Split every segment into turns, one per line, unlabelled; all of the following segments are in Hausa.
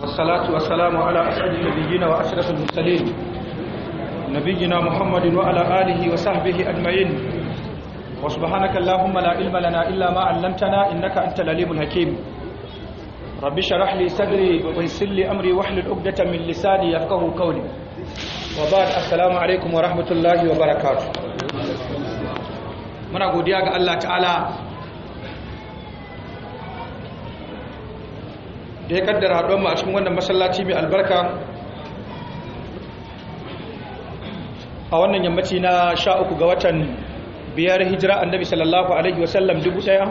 والصلاة والسلام على أسعد النبيين وأشرف المرسلين نبينا محمد وعلى آله وصحبه أجمعين وسبحانك اللهم لا علم لنا إلا ما علمتنا إنك أنت العليم الحكيم رب اشرح لي صدري ويسر لي أمري واحلل عقدة من لساني يفقهوا قولي وبعد السلام عليكم ورحمة الله وبركاته muna godiya ga Allah ta'ala da ya kaddara haɗuwar mu a cikin wannan masallaci mai albarka a wannan yammaci na sha uku ga watan biyar hijira annabi sallallahu alaihi wasallam dubu ɗaya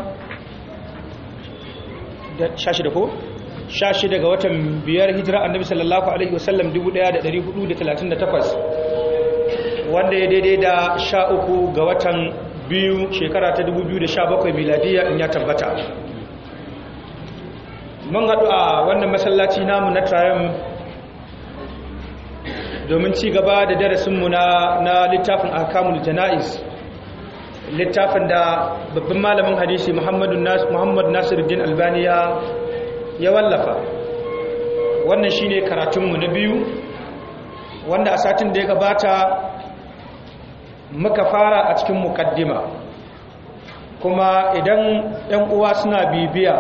da sha shida ko sha shida ga watan biyar hijira annabi sallallahu alaihi wasallam dubu ɗaya da ɗari hudu da talatin da takwas wanda ya daidai da sha uku ga watan biyu shekara ta dubu biyu da sha bakwai miladiya in ya tabbata mun haɗu a wannan masallaci namu na tarayyar domin ci gaba da darasinmu na littafin akamul jana'iz littafin da babban malamin hadisi muhammad nasiruddin albaniya ya wallafa wannan shine karatunmu na biyu wanda a satin da ya gabata muka fara a cikin mukaddima kuma idan 'yan uwa suna bibiya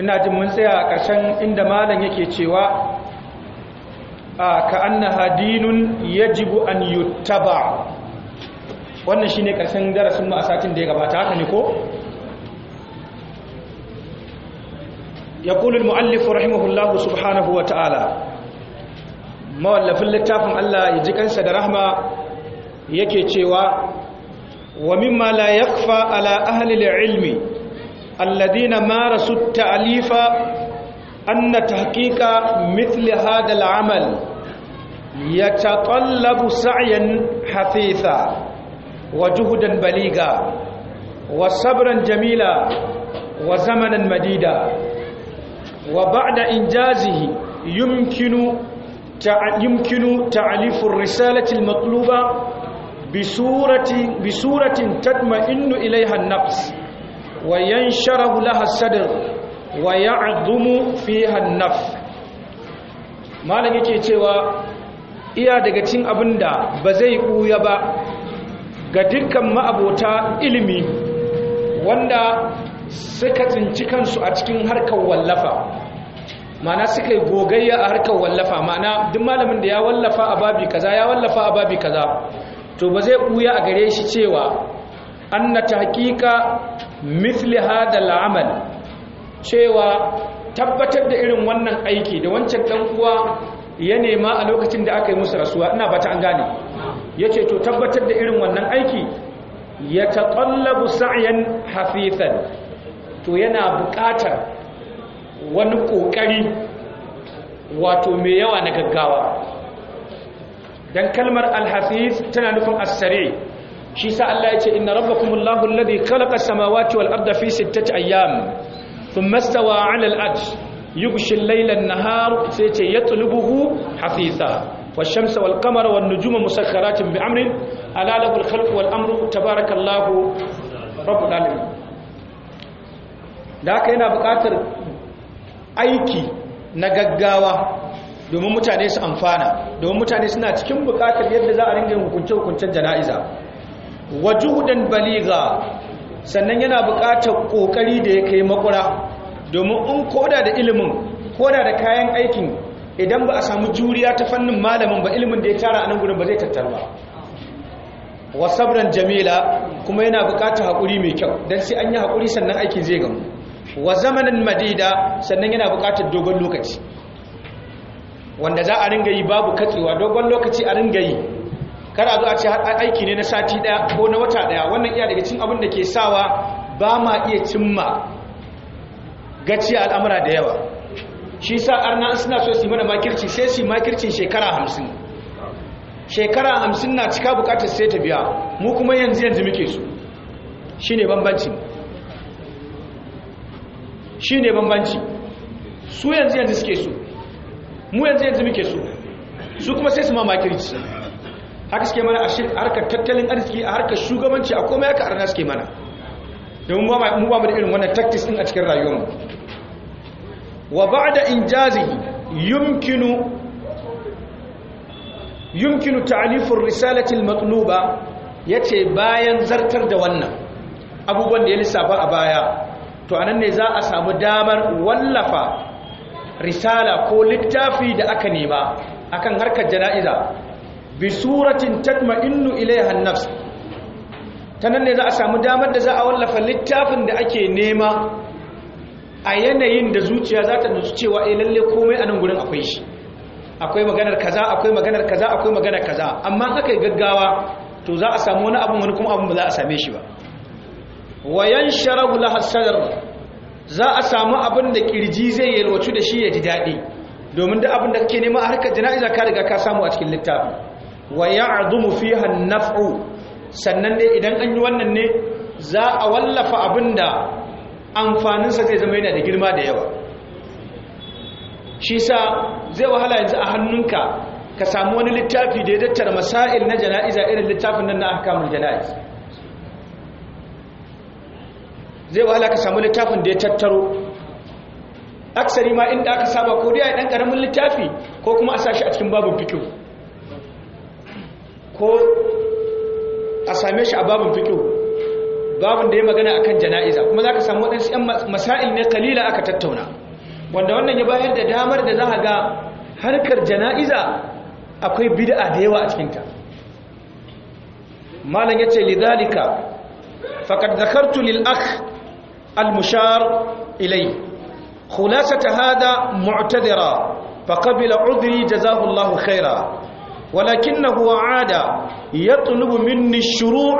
ina jin mun tsaya a ƙarshen inda malam yake cewa ka annaha dinun yajibu an yuttaba wannan shine ƙarshen darasin mu a satin da ya gabata haka ne ko يقول المؤلف رحمه الله سبحانه وتعالى mawallafin littafin Allah ya ji kansa da rahma yake cewa wa mimma la yakfa ala ahli ilmi alladina marasu ta'alifa anna tahqiqa mithli hada al'amal yatatallabu sa'yan hafitha wa juhudan baliga wa sabran jamila wa zamanan madida wa ba'da injazihi yumkinu يمكن تعليف الرسالة bi بصورة, tatma'innu تطمئن إليها النفس وينشره wa waya adumu fi hannaf. malam yake cewa iya daga cin abin da ba zai ɓuya ba ga dukkan ma'abota ilimi wanda suka tsinci kansu a cikin harkar wallafa mana suka yi gogayya a harkar wallafa mana duk malamin da ya wallafa a babi kaza ya wallafa a babi kaza to ba zai ɓuya a gare shi cewa anna tahqiqa mithli hada al'amal cewa tabbatar da irin wannan aiki da wancan dan uwa ya nema a lokacin da aka yi musu rasuwa ina bata an gane yace to tabbatar da irin wannan aiki ya taqallabu sa'yan hafifan to yana buƙatar wani ƙoƙari wato mai yawa na gaggawa dan kalmar alhafif tana nufin asare shi sa Allah ya ce inna rabbakumullahu alladhi khalaqa as-samawati wal arda fi sittati ayyam thumma istawa 'ala al-'arsh yughshi al-layla an-nahar sai ya ce yatlubuhu hafisa والشمس والقمر والنجوم مسخرات بأمر ألا له الخلق والأمر تبارك الله رب العالمين da haka yana buƙatar aiki na gaggawa domin mutane su amfana domin mutane suna cikin buƙatar yadda za a ringa hukunce-hukuncen jana'iza wa baliga sannan yana buƙatar ƙoƙari da ya kai makura domin in koda da ilimin koda da kayan aikin idan ba a samu juriya ta fannin malamin ba ilimin da ya tara a nan gudun ba zai tattar ba wa sabran jamila kuma yana buƙatar haƙuri mai kyau don sai an yi haƙuri sannan aikin zai gamu wa zamanin madida sannan yana buƙatar dogon lokaci wanda za a ringa yi babu katsewa dogon lokaci a ringa yi kada zo a ce aiki ne na sati daya ko na wata daya wannan iya daga cin abin da ke sawa ba ma iya cimma gaci al'amura da yawa shi sa arna suna so su mana makirci sai su makircin shekara hamsin shekara hamsin na cika bukatar sai ta biya mu kuma yanzu yanzu muke su shi ne bambanci shi ne bambanci su yanzu yanzu suke su mu yanzu yanzu muke su su kuma sai su ma makirci haka suke mana a harkar tattalin arziki a harkar shugabanci a komai haka arna suke mana domin mu ba mu da irin wannan tactics din a cikin mu wa ba'da injazihi yumkinu yumkinu ta'lifu ar-risalati al-matluba yace bayan zartar da wannan abubuwan da ya lissafa a baya to anan ne za a samu damar wallafa risala ko littafi da aka nema akan harkar jana'iza bi suratin innu ilaiha nafs tanan ne za a samu damar da za a wallafa littafin da ake nema a yanayin da zuciya za ta nutsu cewa eh lalle komai a nan gurin akwai shi akwai maganar kaza akwai maganar kaza akwai maganar kaza amma haka gaggawa to za a samu wani abu wani kuma abu ba za a same shi ba wayan sharahu la sadr za a samu abin da kirji zai yalwatu da shi ya ji daɗi domin da abin da kake nema a harkar jana'iza ka riga ka samu a cikin littafin wa ya'dumu fiha fi hannafu sannan dai idan an yi wannan ne za a wallafa da amfaninsa zai zama yana da girma da yawa shi sa zai wahala yanzu a hannunka ka samu wani littafi da ya dattar masail na jana'iza irin littafin nan na ahkamul jana'iz zai wahala ka samu littafin da ya tattaro aksari ma inda aka saba ko dai a ɗan karamin littafi ko kuma a sashi a cikin babu fikihu ko a same shi a babin fikihu babin da ya magana akan jana'iza kuma za ka samu waɗansu 'yan masail ne kalila aka tattauna wanda wannan ya bayar da damar da za a ga harkar jana'iza akwai bid'a da yawa a cikinta malam ya ce lidhalika faqad dhakartu lil akh al mushar ilay khulasata hada mu'tadira faqabila udri jazahullahu Allahu khaira ولكنه عاد يطلب مني الشروع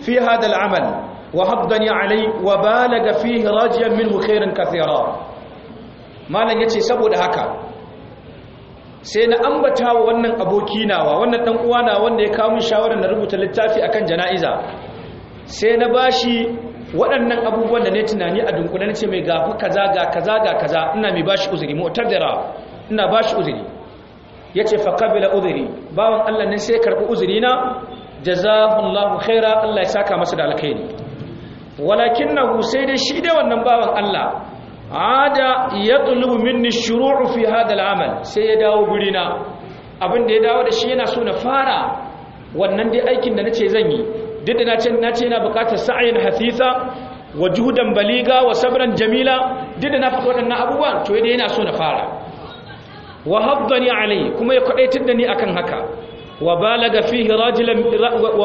في هذا العمل وحضني عليه وبالغ فيه راجيا منه خيرا كثيرا malam yace saboda haka sai na ambata wa wannan aboki wannan dan uwa na wanda ya kawo min shawara na rubuta littafi akan jana'iza sai na bashi waɗannan abubuwan da ne tunani a dunkule ce mai gafi kaza ga kaza ga kaza ina mai bashi uzuri mu'tadira ina bashi uzuri ya ce faƙabila uzuri bawan Allah ne sai karɓi uzuri na jazahullahu khaira Allah ya saka masa da alkhairi walakin na sai dai shi dai wannan bawan Allah ada ya tulubu minni shuru'u fi hadal amal sai ya dawo guri na abin da ya dawo da shi yana so na fara wannan dai aikin da nace zan yi duk da nace nace yana buƙatar sa'ayin hasisa wa juhudan baliga wa sabran jamila duk da na faɗi waɗannan abubuwan to dai yana so na fara wa ni alai kuma ya kwadaitar da ni akan haka wa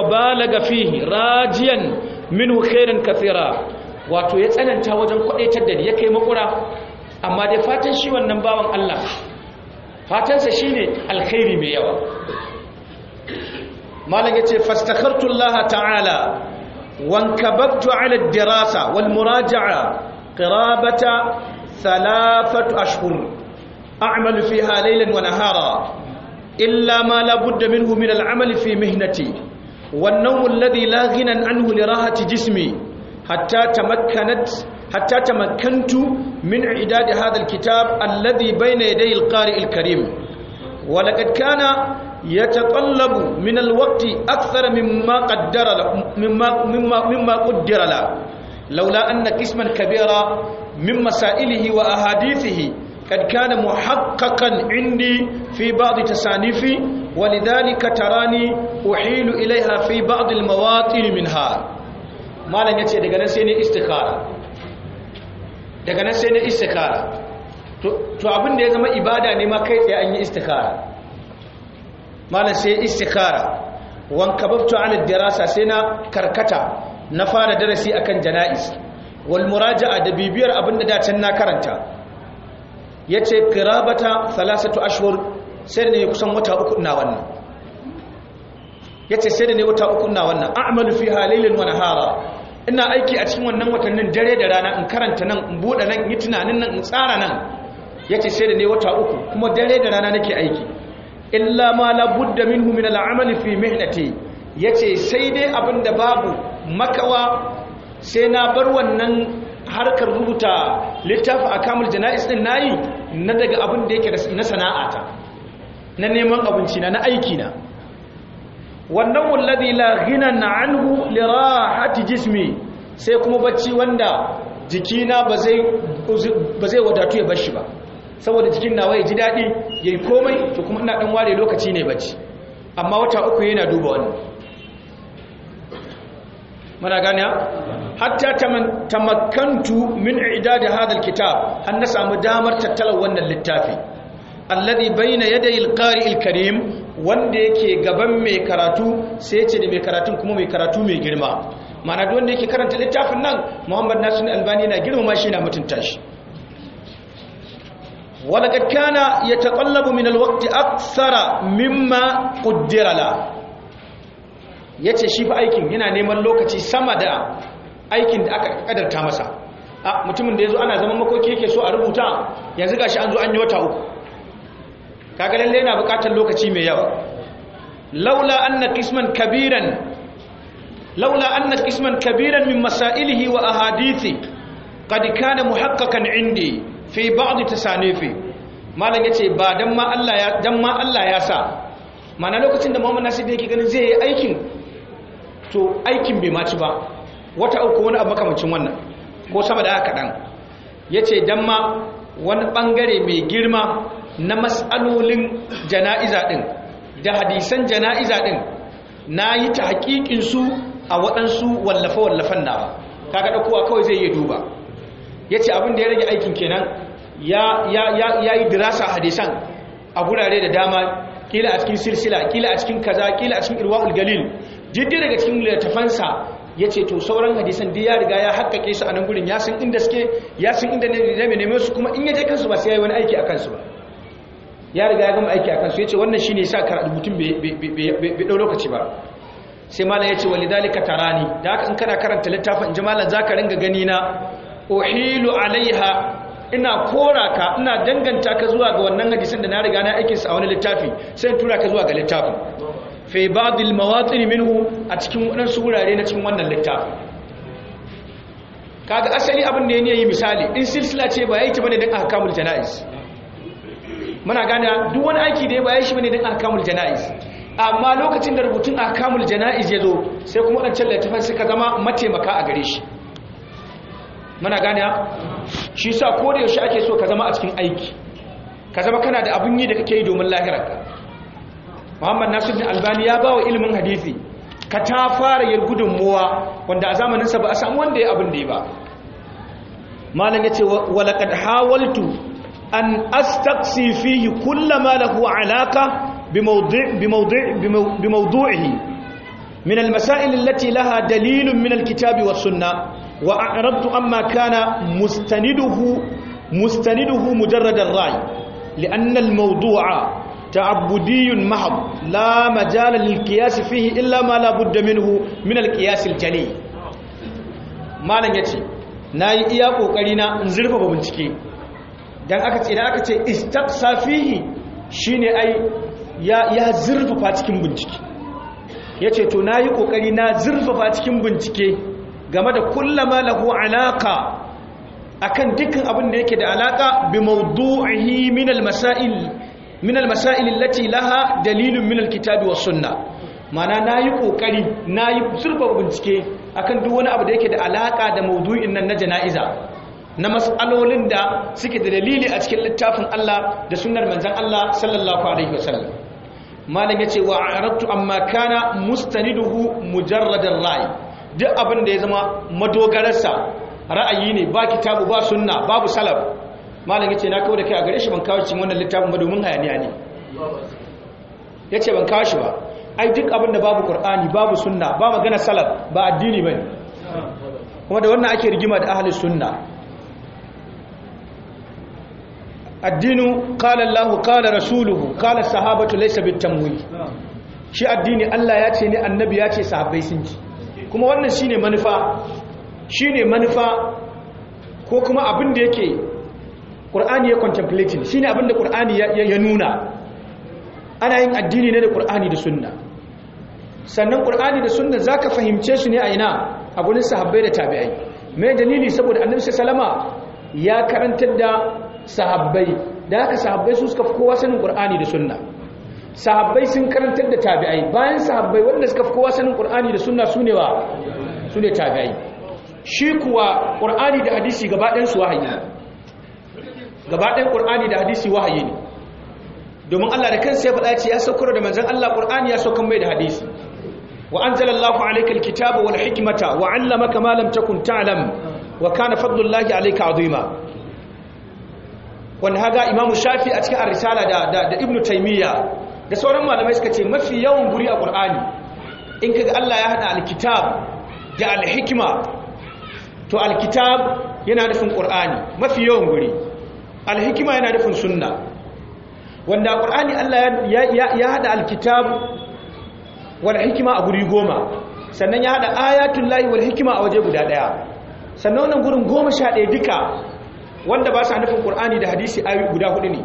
balaga fihi rajiyan minhu khairan kathira wato ya tsananta wajen kwadaitar da ni ya kai makura amma dai fatan shi wannan bawan Allah fatansa shine alkhairi mai yawa malam yace fastakhartu Allah ta'ala wanka bakto ad-dirasa wal muraja'a qirabata salafatu ashhur أعمل فيها ليلا ونهارا إلا ما لا بد منه من العمل في مهنتي والنوم الذي لا غنى عنه لراحة جسمي حتى تمكنت حتى تمكنت من إعداد هذا الكتاب الذي بين يدي القارئ الكريم ولقد كان يتطلب من الوقت أكثر مما قدر مما مما مما قدر له لولا أن قسما كبيرا من مسائله وأحاديثه قد كان محققا عندي في بعض تصانيفي ولذلك تراني أحيل إليها في بعض المواطن منها ما لن يتسي دقنا سيني استخارة دقنا سيني استخارة to abin da ya zama ibada ne ma kai tsaye an yi istikhara Mallan sai istikhara wan kababtu ala dirasa sai na karkata na fara darasi akan jana'is wal muraja'a da bibiyar abinda da can na karanta ya ce kirabata salasatu ashwar sai da ne kusan wata uku na wannan ya ce sai da ne wata uku na wannan fi ina aiki a cikin wannan watannin dare da rana in karanta nan in buɗe nan yi tunanin nan in tsara nan ya ce sai da ne wata uku kuma dare da rana nake aiki illa ma la budda minhu min al'amali fi mihnati ya ce sai dai abin da babu makawa sai na bar wannan harkar rubuta littafi a kamul jana'is din yi na daga abin da yake na sana'ata na neman abinci na na aiki na wannan wallazi la na anhu li rahati jismi sai kuma bacci wanda jikina ba zai wadatu ya bashi ba saboda jikin nawa ya ji dadi yayi komai to kuma ina dan ware lokaci ne bacci amma wata uku yana duba wannan muna gane hatta tamakkantu min idadi hadha kitab an na samu damar tattalar wannan littafi alladhi bayna yaday alqari ilkarim wanda yake gaban mai karatu sai ce da mai karatun kuma mai karatu mai girma mana duk wanda yake karanta littafin nan Muhammad Nasir Albani na girmama shi na mutunta shi walaqad kana yataqallabu min alwaqti aksara mimma quddira la ya ce shi fa aikin yana neman lokaci sama da aikin da aka kadarta masa a mutumin da ya zo ana zama makoki yake so a rubuta yanzu gashi an zo an yi wata uku kaga lalle yana bukatar lokaci mai yawa laula anna qisman kabiran laula anna qisman kabiran min masailihi wa ahadithi qad kana muhaqqaqan indi fi ba'd tasanifi malam yace ba dan ma Allah ya dan ma Allah ya sa mana lokacin da Muhammad Nasir yake ganin zai yi aikin to aikin bai maci ba wata uku wani abu makamacin wannan ko sama da haka kaɗan ya ce don ma wani ɓangare mai girma na matsalolin jana'iza ɗin da hadisan jana'iza ɗin na yi ta haƙiƙinsu a waɗansu wallafe-wallafen nawa kaga ɗaukowa kawai zai yi duba ya ce abin da ya rage aikin kenan ya yi dirasa hadisan a gurare da dama kila a cikin silsila kila a cikin kaza kila a cikin irwa'ul galil jirgi daga cikin littafansa ya ce to sauran hadisan da ya riga ya haƙaƙe su a nan gudun ya inda suke ya inda ne mai neme su kuma in ya je kansu ba sai ya yi wani aiki a kansu ba ya riga ya gama aiki a kansu ya ce wannan shi ne sa kara rubutun bai ɗau lokaci ba sai malam ya ce wani dalika ne da haka in kana karanta littafin in ji malam za ka ringa gani na ohilu alaiha ina kora ka ina danganta ka zuwa ga wannan hadisan da na riga na aikinsa a wani littafi sai tura ka zuwa ga littafin fi ba'dil ne minu a cikin wadansu wurare na cikin wannan littafin kaga asali abin da ya yi misali in silsila ce ba yi ta bane don alkamul janaiz muna gane duk wani aiki da ya bayan shi bane don alkamul janaiz amma lokacin da rubutun alkamul janaiz ya zo sai kuma wadancan littafin suka zama mataimaka a gare shi muna gane shi sa ko da yaushe ake so ka zama a cikin aiki ka zama kana da abun yi da kake yi domin lahirarka muhammad nasir bin albani ya ba ilimin hadisi ka ta fara yar gudun muwa wanda a zamanin sa ba a samu wanda ya abin da ya ba malam yace wa laqad hawaltu an astaqsi fihi kullama lahu alaka bi mawdu'ihi من المسائل التي لها دليل من الكتاب والسنة وأعرضت أما كان مستنده مستنده مجرد الرأي لأن الموضوع ta'abbudiyun mahab la majala lil qiyas fihi illa ma la budda minhu min al qiyas al jali malam yace nayi iya kokari na in zurfa bincike dan aka ce idan aka ce istaqsa fihi shine ai ya ya zurfafa cikin bincike yace to nayi kokari na zurfafa cikin bincike game da kullama lahu alaka akan dukkan abin da yake da alaka bi mawdu'ihi min al-masail min al-masail allati laha dalilun min al-kitabi was sunnah mana nayi kokari nayi zurba bincike akan duk wani abu da yake da alaka da mawdu'in nan na janaiza na mas'alolin da suke da dalili a cikin littafin Allah da sunnar manzon Allah sallallahu alaihi wasallam malam yace wa arabtu amma kana mustaniduhu mujarradan ra'yi duk abin da ya zama madogararsa ra'ayi ne ba kitabu ba sunna babu salaf malam yace na kawo da kai a gare shi ban kawo cikin wannan littafin ba domin hayaniya ne yace ban kawo shi ba ai duk abin da babu qur'ani babu sunna ba magana salaf ba addini bane kuma da wannan ake rigima da ahli sunna addinu qala allah qala rasuluhu qala sahabatu laysa bitamwi shi addini allah ya ne annabi yace sahabbai sun ci kuma wannan shine manufa shine manufa ko kuma abin da yake ƙur'ani ya contemplating shi abin da ƙur'ani ya nuna ana yin addini ne da ƙur'ani da sunna sannan ƙur'ani da sunna za ka fahimce su ne a ina a gudun sahabbai da tabi'ai mai dalili saboda annabi salama ya karantar da sahabbai da haka sahabbai su suka fi kowa sanin ƙur'ani da sunna sahabbai sun karantar da tabi'ai bayan sahabbai wanda suka fi kowa sanin ƙur'ani da sunna su ne wa su ne tabi'ai shi kuwa ƙur'ani da hadisi gaba ɗansu wahayi Gabaɗayan ƙur'ani da hadisi wahayi ne domin Allah da kansa ya faɗa ce ya saukar da manzan Allah ƙur'ani ya saukar mai da hadisi wa anzalallahu alayka alkitaba wal hikimata wa 'allamaka ma lam takun ta'lam wa kana fadlullahi alaika 'azima wanda haga imamu shafi a cikin ar-risala da da, da ibnu taymiya da sauran malamai suka ce mafi yawan guri a ƙur'ani in kaga Allah ya hada alkitab da alhikima, to alkitab yana nufin ƙur'ani, mafi yawan guri alhikima yana nufin sunna wanda ƙur'ani Allah ya haɗa alkitabu wal hikima a guri goma sannan ya haɗa ayatun layi wal hikima a waje guda ɗaya sannan wannan gurin goma sha ɗaya duka wanda ba sa nufin ƙur'ani da hadisi ayu guda hudu ne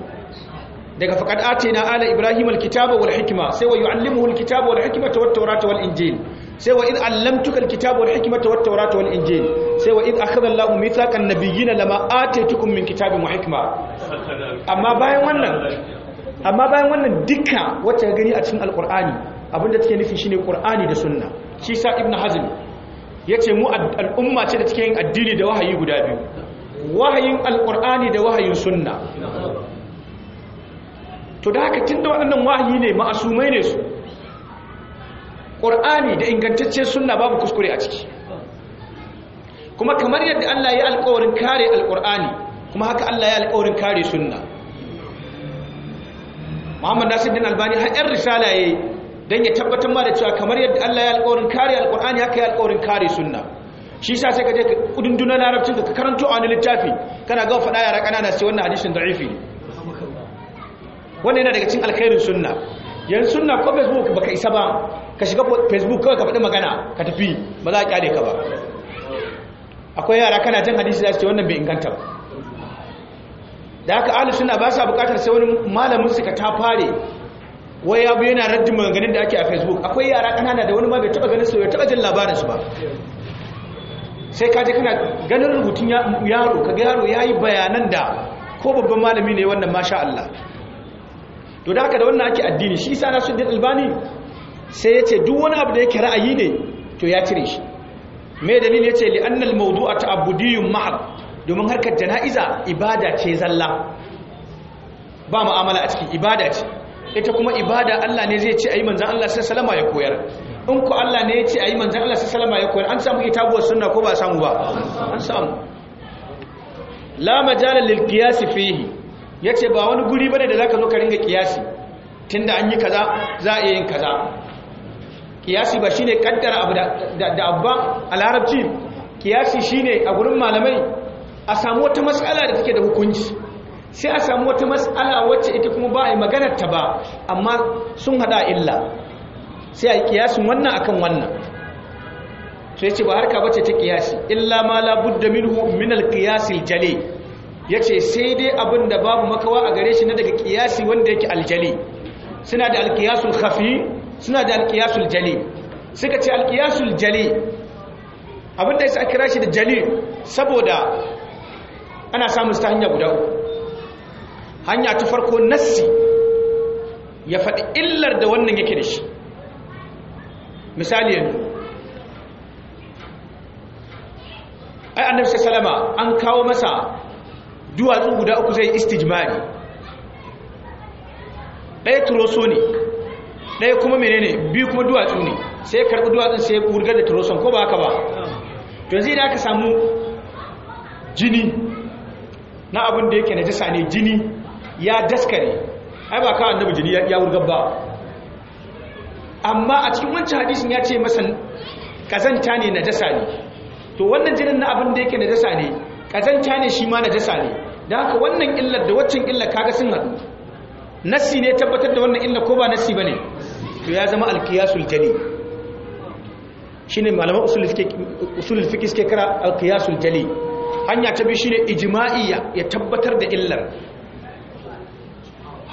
daga faƙad ce na ala ibrahim alkitabu wal hikima sai wa yu'allimuhu alkitaba wal hikimata wat tawrata wal injil sai wa in allamtuka alkitaba wal hikmata wat tawrata wal injil sai wa in akhadha Allahu mithaqan nabiyina lama ataitukum min kitabin wa hikma amma bayan wannan amma bayan wannan duka wacce gani a cikin alqur'ani abinda take nufi shine qur'ani da sunna shi sa ibnu hazm yace mu al'umma ce da take yin addini da wahayi guda biyu wahayin alqur'ani da wahayin sunna to da haka tunda waɗannan wahayi ne ma'asumai ne su ƙor'ani da ingantaccen suna babu kuskure a ciki kuma kamar yadda Allah ya alƙawarin kare alƙur'ani kuma haka Allah ya alƙawarin kare suna Muhammad Nasiruddin Albani har yan risala yi don ya tabbatar ma da cewa kamar yadda Allah ya alƙawarin kare alƙur'ani haka ya alƙawarin kare suna shi sa sai ka je kudunduna larabcin ka karanto a wani littafi kana ga faɗa yara ƙanana sai wannan hadisin da'ifi wannan yana daga cin alkhairin sunna yanzu na ko facebook baka isa ba ka shiga facebook kawai ka faɗi magana ka tafi ba za a kyale ka ba akwai yara kana jan hadisi da su ce wannan bai inganta ba da aka alu suna ba sa bukatar sai wani malamin su ka ta fare wai ya bi yana raddin maganganun da ake a facebook akwai yara kanana da wani ma bai taba ganin su ya taba jin labarin su ba sai ka je kana ganin rubutun yaro ka ga yaro yayi bayanan da ko babban malami ne wannan masha Allah to da haka da wannan ake addini shi isa nasuddin albani sai ya ce duk wani abu da yake ra'ayi ne to ya cire shi mai dalili ya ce li'annal mawdu'a ta'abbudiyyun mahab domin harkar jana'iza ibada ce zalla ba mu'amala a cikin ibada ce ita kuma ibada Allah ne zai ce ayi manzon Allah sallallahu alaihi ya koyar in ko Allah ne ya ce ayi manzon Allah sallallahu alaihi ya koyar an samu kitabuwar sunna ko ba samu ba an samu la majala lil qiyas fihi ya ce ba wani guri bane da za ka zo ka ringa kiyasi tun da an yi kaza za a iya yin kaza kiyasi ba shine kaddara abu da abba a larabci kiyasi shine a gurin malamai a samu wata matsala da take da hukunci sai a samu wata matsala wacce ita kuma ba a yi maganar ta ba amma sun hada illa sai a yi kiyasin wannan akan wannan sai ce ba harka bace ta kiyasi illa ma la budda minhu min al qiyas al jali ya ce sai dai abin da babu makawa a gare shi na daga kiyasi wanda yake aljali suna da alkiyasul khafi suna da alkiyasul jali suka ce alkiyasul jali abin da ya sa kira shi da jali saboda ana samun ta hanya guda hanya ta farko nassi ya faɗi illar da wannan yake da shi misali yanzu ai annabi sallama an kawo masa duwatsu guda uku zai istijmari ɗaya turoso ne ɗaya kuma menene biyu kuma duwatsu ne sai karɓi duwatsun sai wurgar da turoson ko ba haka ba to zai da aka samu jini na abin da yake na jisa ne jini ya daskare ai ba kawai annabi jini ya wurgar ba amma a cikin wancan hadisin ya ce masa kazanta ne na jasa ne to wannan jinin na abin da yake na jasa ne kazanta ne shi ma na jasa ne da haka wannan illar da waccan illar kaga sun haɗu nassi ne tabbatar da wannan illar ko ba nassi bane to ya zama alqiyasul jali shine malaman usul fiqh usul fiqh suke kira alqiyasul jali hanya ta biyu shine ijma'iyya ya tabbatar da illar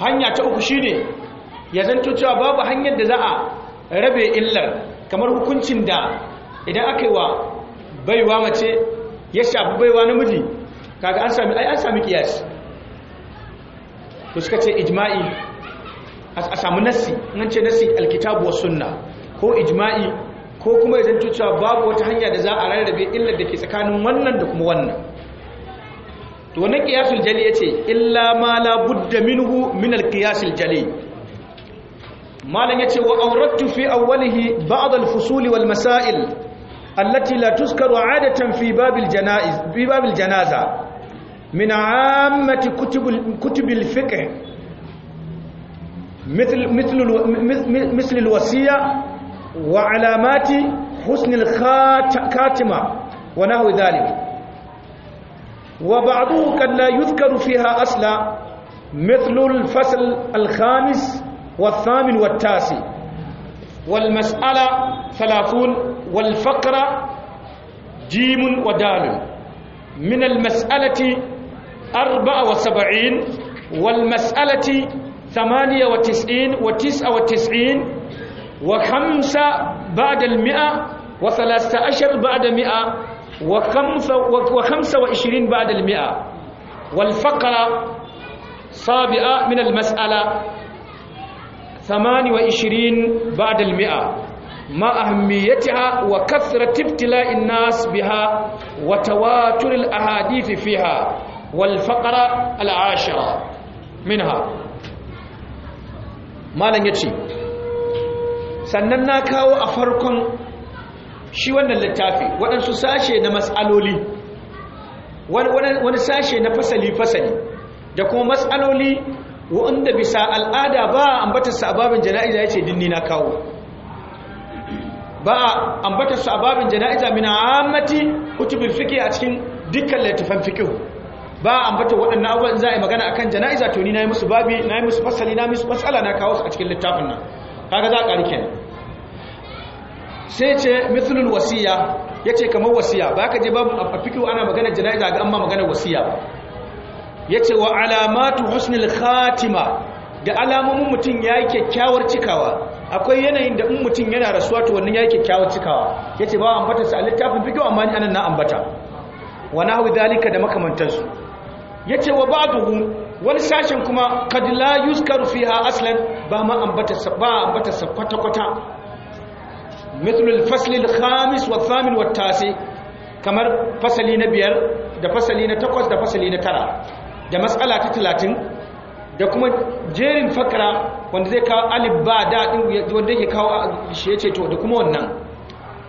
hanya ta uku shine ya zanto cewa babu hanyar da za a rabe illar kamar hukuncin da idan aka yi wa baiwa mace ya shafi baiwa namiji kaga an sami ai an sami kiyasi to suka ce ijma'i a samu nassi an ce nassi alkitabu was sunna ko ijma'i ko kuma idan cewa babu wata hanya da za a rarrabe illar da ke tsakanin wannan da kuma wannan to wannan qiyasul jali yace illa ma la budda minhu min alqiyasil jali malan yace wa awradtu fi awwalihi ba'd alfusuli wal masail allati la tuzkaru 'adatan fi babil janaiz fi babil janaza من عامة كتب كتب الفقه مثل مثل مثل الوصية وعلامات حسن الخاتمة ونحو ذلك وبعضه قد لا يذكر فيها أصلا مثل الفصل الخامس والثامن والتاسع والمسألة ثلاثون والفقرة جيم ودال من المسألة أربعة وسبعين والمسألة ثمانية وتسعين وتسعة وتسعين وخمسة بعد المئة وثلاثة عشر بعد مئة وخمسة, وخمسة وعشرين بعد المئة والفقرة سابعة من المسألة ثمانية وعشرين بعد المئة ما أهميتها وكثرة ابتلاء الناس بها وتواتر الأحاديث فيها walfaƙara al'ashara minha malam ya ce sannan na kawo a farkon shi wannan littafi waɗansu sashe na matsaloli wani sashe na fasali-fasali da kuma matsaloli wanda bisa al'ada ba ambatarsa a babin jana'iza ya ce na kawo ba ambatarsa a babin jana'iza mina amati kutubin fike a cikin dukkan littafan fikihu ba a ambata waɗannan abubuwan za a yi magana a kan jana'iza to ni na yi musu babi na yi musu fasali na musu fasala na kawo su a cikin littafin nan kaga za a ƙari kenan sai ce mithlul wasiya ya ce kamar wasiya ba ka je babu a fikiru ana magana jana'iza ga amma magana wasiya ba ya ce wa alamatu husnul khatima da alamomin mutum ya yi kyakkyawar cikawa akwai yanayin da in mutum yana rasuwa to wannan ya yi kyakkyawar cikawa ya ce ba ambata su a littafin fikiru amma ni anan na ambata wa hau dalika da makamantansu ce wa ba'dhum wani sashen kuma kad la yuzkaru fiha aslan ba ma ambata ba ambata kwata kwata fasli khamis wa thamin wa tasi kamar fasali na biyar da fasali na takwas da fasali na tara da matsala ta talatin da kuma jerin fakara wanda zai kawo alif ba da wanda yake kawo shi ya ce to da kuma wannan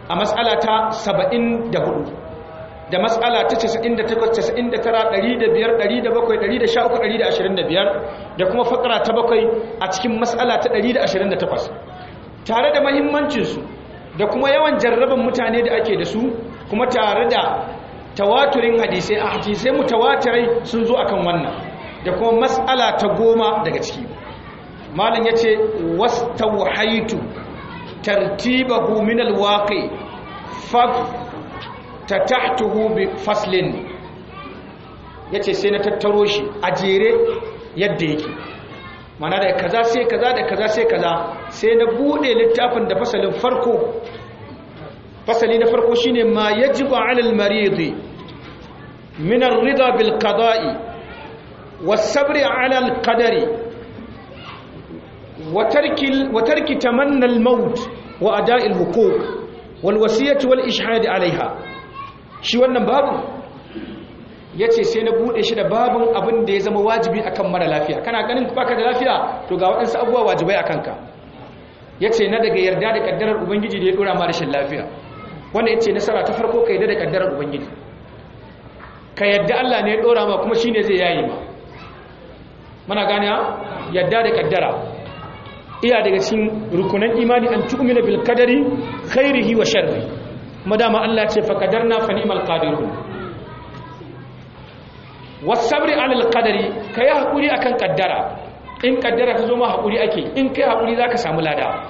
a matsala ta saba'in da hudu da matsala ta 98,99,105,113,125 da kuma fakara ta bakwai a cikin matsala ta 128 tare da mahimmancinsu da kuma yawan jarraban mutane da ake da su kuma tare da tawaturin hadisai a hadisai tawatirai sun zo akan wannan da kuma matsala ta goma daga ciki malam ya ce wastawhaitu tartibahu min alwaqi fa ta tahtuhu bi faslin ya ce sai na tattaro shi a jere yadda yake mana da kaza sai kaza da kaza sai kaza sai na bude littafin da fasalin farko fasali na farko shine ma yajibu alal maridi min ar-rida bil qada'i was-sabri ala al-qadari wa tarki wa tarki tamanna al-maut wa ada'i al-huquq wal wasiyati wal ishhad 'alayha shi wannan babu ya ce sai na bude shi da babin abin da ya zama wajibi akan mara lafiya kana ganin baka da lafiya to ga waɗansu abubuwa wajibai a kanka ya ce na daga yarda da ƙaddarar ubangiji da ya ɗora ma rashin lafiya wanda ya ce nasara ta farko ka yarda da ƙaddarar ubangiji ka yarda allah ne ya ɗora ma kuma shi ne zai yayi ma mana gane yarda da kaddara, iya daga cikin rukunan imani an tu'mina bil kadari khairihi wa sharrihi Madama Allah ce fakadarna fa ni'mal qadirun wasabri alal qadari kai hakuri akan kaddara in kaddara ta zo ma hakuri ake in kai hakuri zaka samu lada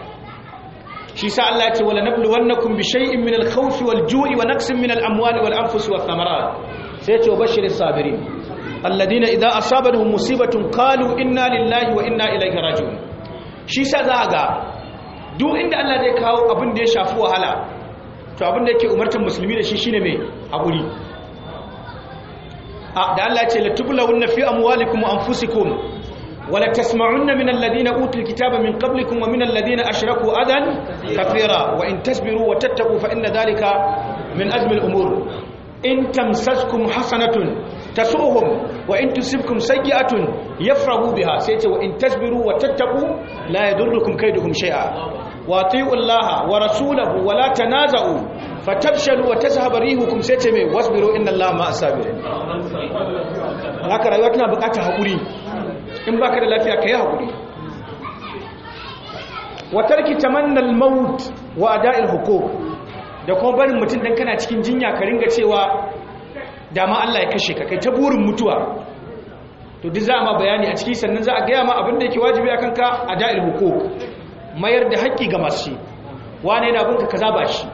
shi sa Allah ce wala nabluwannakum bi shay'in min al wal-ju'i wa naqsin min al-amwali wal-anfusi wath-thamarat sai ce bashiris sabirin alladina idza asabatuhum musibatun qalu inna lillahi wa inna ilayhi raji'un shi sa za ga duk inda Allah zai kawo abin da ya shafi wahala to abin da yake umartar musulmi da shi shine mai haƙuri da Allah ce latublawunna fi amwalikum wa anfusikum wa latasma'unna min alladhina utul kitaba min qablikum wa min alladhina ashraku adan kafira wa in tasbiru wa tattaqu fa inna dhalika min azmi umur in tamsaskum hasanatun tasuhum wa in tusibkum sayyi'atun yafrahu biha sai ce wa in tasbiru wa tattaqu la yadurrukum kayduhum shay'a wa Allah wa rasulahu wa la tanaza'u fatabshalu wa tazhab rihukum sai ce mai wasbiru inna Allah ma asabirin haka rayuwa tana bukatar hakuri in baka da lafiya kai hakuri wa tarki tamanna al-maut wa ada'il huquq da kuma barin mutum dan kana cikin jinya ka ringa cewa dama Allah ya kashe ka kai ta burin mutuwa to duk za a ma bayani a ciki sannan za a gaya ma abin da yake wajibi akan ka a da'il hukuk mayar da haƙƙi ga masu shi wane yana bunka kaza ba shi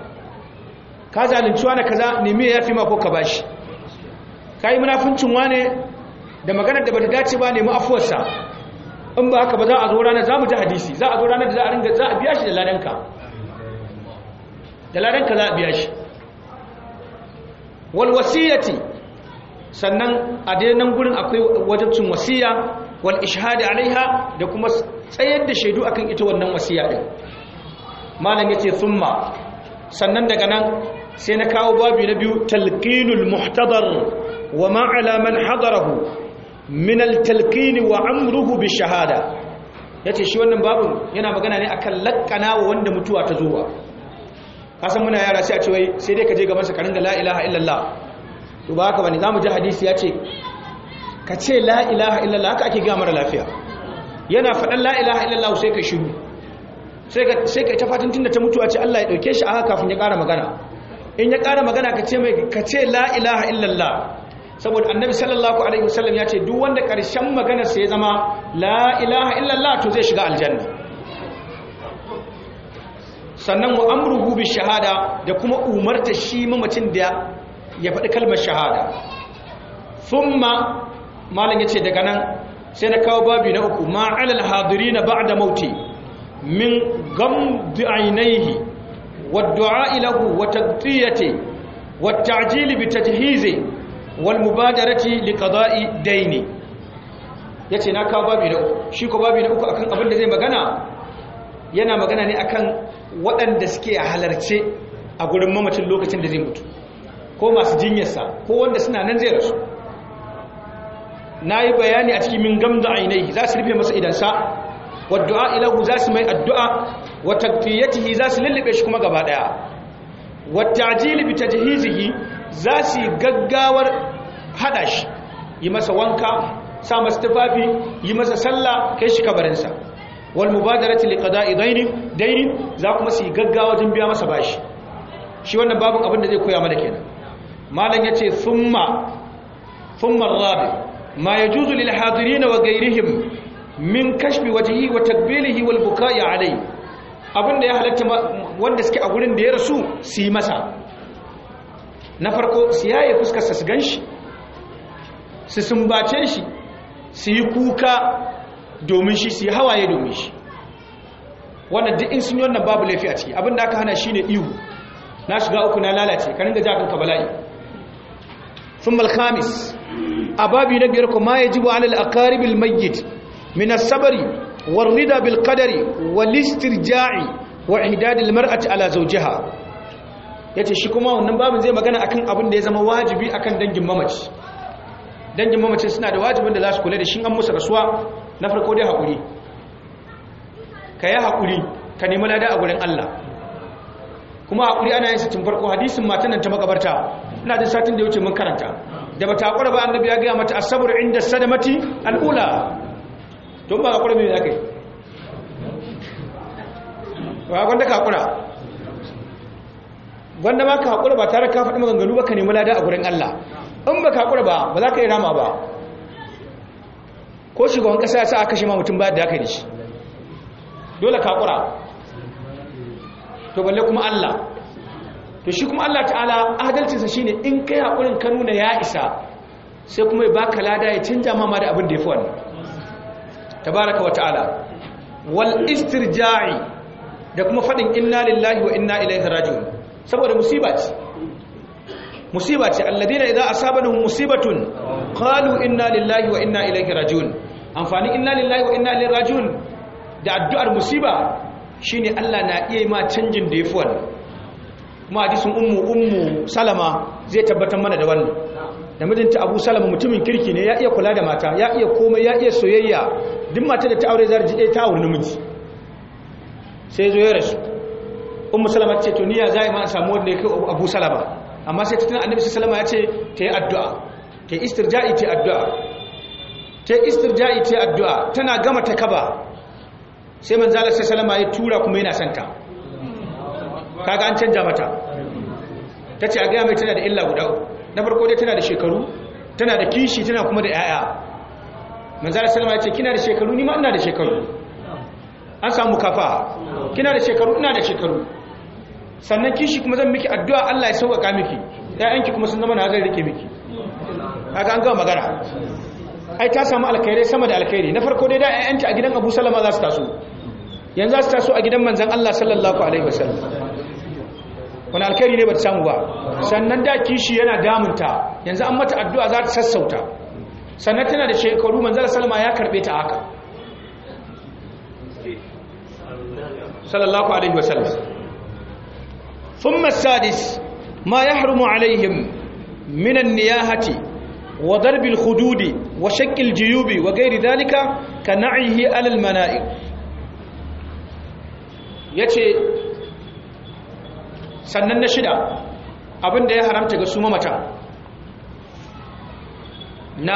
ka zalunci wane kaza nemi ya fi mako ka ba shi ka yi munafincin wane da maganar da ba ta dace ba nemi afuwarsa in ba haka ba za a zo ranar za mu ji hadisi za a zo ranar da za a ringa za a biya shi da ladanka da ladanka za a biya shi wal wasiyati sannan a nan gurin akwai wajen cin wasiya wal ishadi alaiha da kuma tsayar da shaidu akan ita wannan wasiya din malam yace thumma sannan daga nan sai na kawo babu na biyu talqinul muhtadar wa ma ala man hadarahu min al talqin wa amruhu bi shahada yace shi wannan babun yana magana ne akan lakkana wa wanda mutuwa ta zuwa kasan muna yara sai a ce wai sai dai ka je gaban sa ka ringa la ilaha illallah to ba haka bane zamu ji hadisi yace ka ce la ilaha illallah haka ake gamar lafiya yana faɗan la ilaha illallah sai ka shiru sai ka ta fatan tunda ta mutuwa ce Allah ya ɗauke shi a haka kafin ya ƙara magana in ya ƙara magana ka ce mai ka ce la ilaha illallah saboda annabi sallallahu alaihi wasallam ya ce duk wanda ƙarshen magana sai ya zama la ilaha illallah to zai shiga aljanna sannan wa amruhu gubi shahada da kuma umarta shi mamacin da ya faɗi kalmar shahada thumma malam ce daga nan sai na kawo babi na uku ma na hadirin da mauti min gamdi ainihi والدعاء له وتغطيته والتعجيل بتجهيزه والمبادرة لقضاء Ya ce na kawo babi na uku shi ko babi na uku akan abin da zai magana yana magana ne akan waɗanda suke a halarce a gurin mamacin lokacin da zai mutu ko masu jinyarsa ko wanda suna nan zai rasu na yi bayani a cikin min gamda ainihi za su rufe masa idansa wadda'a ilahu za su mai addu'a wa takfiyatihi za su lullube shi kuma gaba daya wa tajili bi tajhizihi za su gaggawar hada shi yi masa wanka sa masa tufafi yi masa sallah kai shi kabarinsa wal mubadarati li qada'i daini daini za kuma su gaggawa wajen biya masa bashi shi wannan babin abin da zai koya mana kenan malam ce summa summa rabi ما يجوز للحاضرين وغيرهم من كشف وجهه وتقبيله والبكاء عليه abin da ya halatta wanda suke a gurin da ya rasu su yi masa na farko su yaye fuskarsa su gan shi su sumbace shi su yi kuka domin shi su yi hawaye domin shi wannan duk in sun yi wannan babu laifi a ciki abin da aka hana shi ne ihu na shiga uku na lalace ka ringa jakan ka bala'i sun malkhamis a babi na biyar kuma ya ji wa a akaribil mayyit min as-sabri wal rida bil qadari wal istirja'i wa idadil mar'ati ala zawjiha yace shi kuma wannan babin zai magana akan abin da ya zama wajibi akan dangin mamaci dangin mamaci suna da wajibin da za su kula da shi an musu rasuwa na farko dai hakuri ka yi hakuri ka nemi lada a gurin Allah kuma hakuri ana yin sa tun farko hadisin matan nan ta makabarta ina da satin da ya wuce mun karanta da ba ta kwara ba annabi ya gaya mata asabur inda sadamati al'ula to ba ka kwara mai zakai ba gwanda ka kwara gwanda ma ka kwara ba tare ka faɗi maganganu ba ka nemi lada a gurin Allah in ba ka kwara ba ba za ka yi rama ba ko shugaban ƙasa ya sa aka shi ma mutum ba da aka yi shi dole ka kwara to balle kuma Allah to shi kuma Allah ta'ala adalcinsa shine in ka hakurin ka nuna ya isa sai kuma ya baka lada ya canja mama da abin da ya fi wani. tabaraka wa ta'ala wal istirja'i da kuma fadin inna lillahi wa inna ilaihi raji'un saboda musiba ce musiba ce alladina idza asabanahum musibatun qalu inna lillahi wa inna ilaihi raji'un amfani inna lillahi wa inna ilaihi raji'un da addu'ar musiba shine Allah na iya yi ma canjin da ya fi wani. kuma hadisin ummu ummu salama zai tabbatar mana da wannan da mijinta abu salama mutumin kirki ne ya iya kula da mata ya iya komai ya iya soyayya duk mata da ta aure za ji ta aure namiji sai zo ya rasu ummu salama ce to niyya za a yi ma samu wanda kai abu salama amma sai tunan annabi salama ya ce ta yi addu'a ta yi istirja'i ta yi addu'a ta yi istirja'i ta yi addu'a tana gama ta kaba sai manzalar sai salama ya tura kuma yana santa kaga an canja mata ta ce a gaya mai tana da illa guda na farko dai tana da shekaru tana da kishi tana kuma da 'ya'ya manzara salama ya ce kina da shekaru ni ma ina da shekaru an samu kafa kina da shekaru ina da shekaru sannan kishi kuma zan miki addu'a Allah ya sauƙaƙa miki ƴaƴanki kuma sun zama na zai rike miki kaga an gama magana ai ta samu alkhairai sama da alkhairi na farko dai da ƴaƴanki a gidan Abu Salama za su taso yanzu za su taso a gidan manzon Allah sallallahu alaihi wasallam wani alkhairi ne ba ta samu ba sannan da kishi yana damunta yanzu an mata addu'a za ta sassauta sannan tana da shekaru manzala salama ya karbe ta haka
sallallahu alaihi wasallam
ثم السادس hududi, wa عليهم jiyubi, wa gairi الخدود وشك الجيوب وغير ذلك كنعيه على المنائر yace sannan na shida abin da ya haramta ga su mamata na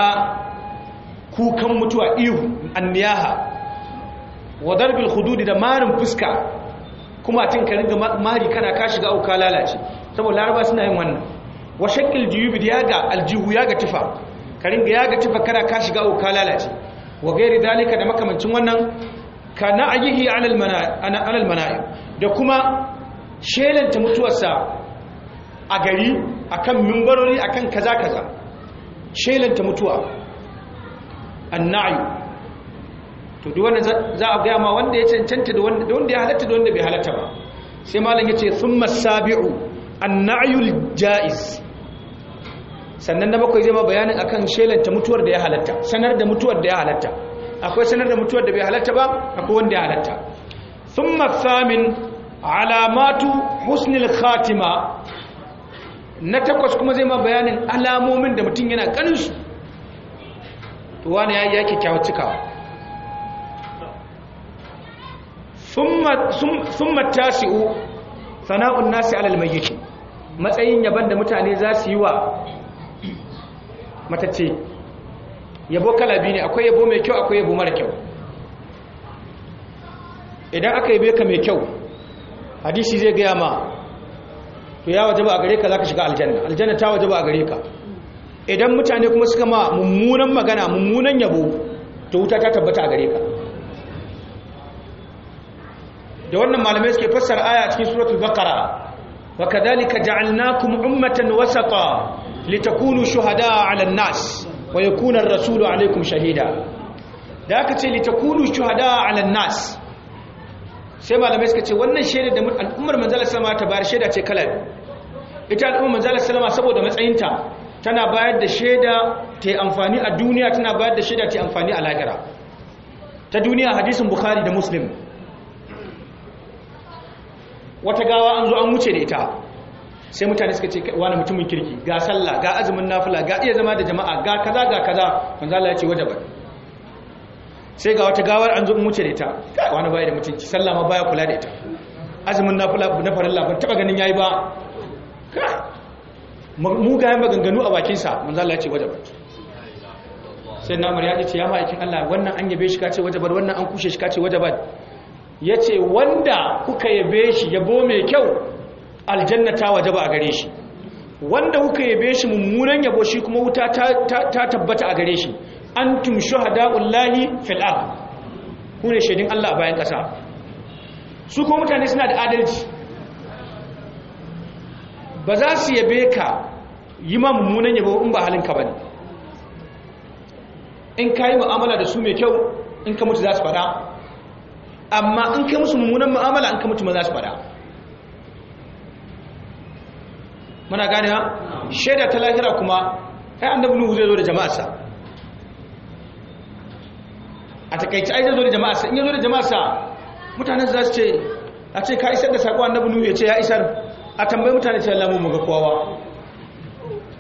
kukan mutuwa ihu niyaha wa darbil hududi da marin fuska kuma tun ka ringa mari kana ka shiga auka lalace saboda laraba suna yin wannan wa shakil jiyubi ya ga aljihu ya ga tufa ka ga ya ga tufa kana ka shiga auka lalace wa gairi dalika da makamancin wannan ka na'ayihi alal mana'i da kuma shelanta mutuwarsa a gari a kan mimbarori kan kaza kaza shelanta mutuwa annayu to duk wanda za a gaya wanda ya cancanta da wanda ya halatta da wanda bai halatta ba sai malam ya ce thumma sabi'u annayul ja'is sannan na bakwai zai ma bayanin akan shelanta mutuwar da ya halatta sanar da mutuwar da ya halatta akwai sanar da mutuwar da bai halatta ba akwai wanda ya halatta sun masamin alamatu husnil khatima na takwas kuma zai ma bayanin alamomin da mutum yana ganin su to wani ya yake kyawucikawa summa tasi'u sana'un nasi alal mayyit matsayin yaban da mutane za su yi wa matace. yabo kalabi ne akwai yabo mai kyau akwai yabo mara kyau idan aka yabe ka mai kyau hadisi zai gaya ma to ya wajaba a gare ka za ka shiga aljanna aljanna ta waje a gare ka idan mutane kuma suka ma mummunan magana mummunan yabo to wuta ta tabbata a gare ka da wannan malamai suke fassara aya cikin suratul baqara wa kadhalika ja'alnakum ummatan wasata litakunu shuhada'a 'ala an-nas wa yakuna ar-rasulu 'alaykum shahida da aka ce litakunu shuhada'a 'ala nas sai malamai suka ce wannan shaida da al'ummar manzalar salama ta bayar shaida ce kala ita al'ummar manzalar salama saboda matsayinta tana bayar da shaida ta yi amfani a duniya tana bayar da shaida ta yi amfani a lahira ta duniya hadisin bukhari da muslim wata gawa an zo an wuce da ita sai mutane suka ce wani mutumin kirki ga sallah ga azumin nafila ga iya zama da jama'a ga kaza ga kaza manzala ya ce wajabat sai ga wata gawar an zo wuce da ita kai wani baya da mutunci sallah ma baya kula da ita azumin na na farilla ban taba ganin yayi ba mu ga yan maganganu a bakin sa mun zalla ce wajaba sai na murya ya ce ya ma'aikin Allah wannan an yabe shi kace wajaba wannan an kushe shi kace wajaba yace wanda kuka yabe shi yabo mai kyau aljanna ta wajaba a gare shi wanda kuka yabe shi mummunan yabo shi kuma wuta ta tabbata a gare shi An antum shuhada'ullahi fil ard ku ne shaidin Allah a bayan ƙasa su ko mutane suna da adalci ba za su yabe ka yi ma mummunan yabo in ba halinka ba ne in ka yi mu'amala da su mai kyau in ka mutu za su fada amma in ka musu mummunan mu'amala in ka mutu ma za su fada muna gane ha shaida ta lahira kuma ai annabi nuhu zai zo da jama'arsa a takaice ai zai zo da jama'a sa in ya zo da jama'a sa mutanen za su ce a ce ka isar da sako annabi nuhu ya ce ya isar a tambayi mutane ce Allah mu muga kowa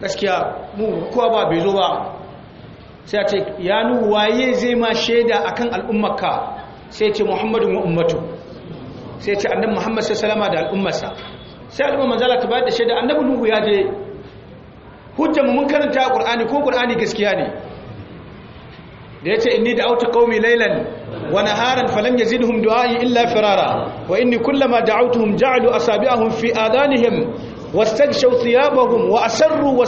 gaskiya mu kowa ba bai zo ba sai a ce ya nuhu waye zai ma shaida akan al'ummarka sai ce Muhammadu wa ummatu sai ce annabi muhammad sai salama da al'ummarsa sai al'umma manzala ta bayar da shaida annabi nuhu ya je hujjar mun karanta a qur'ani ko qur'ani gaskiya ne da yace inni da'awtu qaumi laylan wa naharan falam yazidhum illa firara wa inni kullama da'awtuhum ja'alu asabi'ahum fi adanihim واستغشوا ثيابهم وأسروا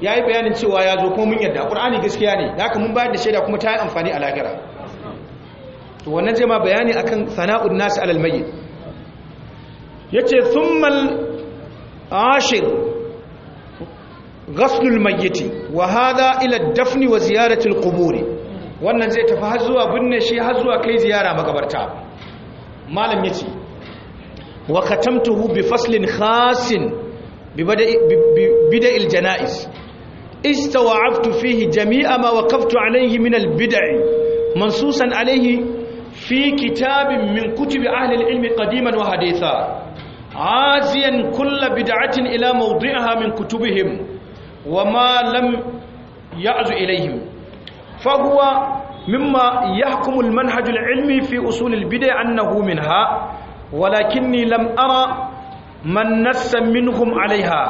ya yi bayanin cewa ya zo kuma mun yadda ƙur'ani gaskiya ne da mun bayar da shaida kuma ta yi amfani a lahira to wannan ma bayani akan sana'ud nasu alal mayyit yace thummal عاشر غسل الميت وهذا dafni wa وزياره Kuburi, wannan zai tafi har binne shi har zuwa kai ziyara magabarta malam yace wa katamtuhu bi faslin khasin bi bada bi janais istawa'tu fihi jami'a ma waqaftu alayhi min al bid'i mansusan alayhi fi kitabin min kutubi ahli al ilmi qadiman wa haditha aziyan kulla bid'atin ila mawdi'iha min kutubihim wa ma lam ya'zu ilayhim fa huwa mimma yahkumu al-manhaj al-ilmi fi usul al-bid'a annahu minha walakinni lam ara man nassa minhum 'alayha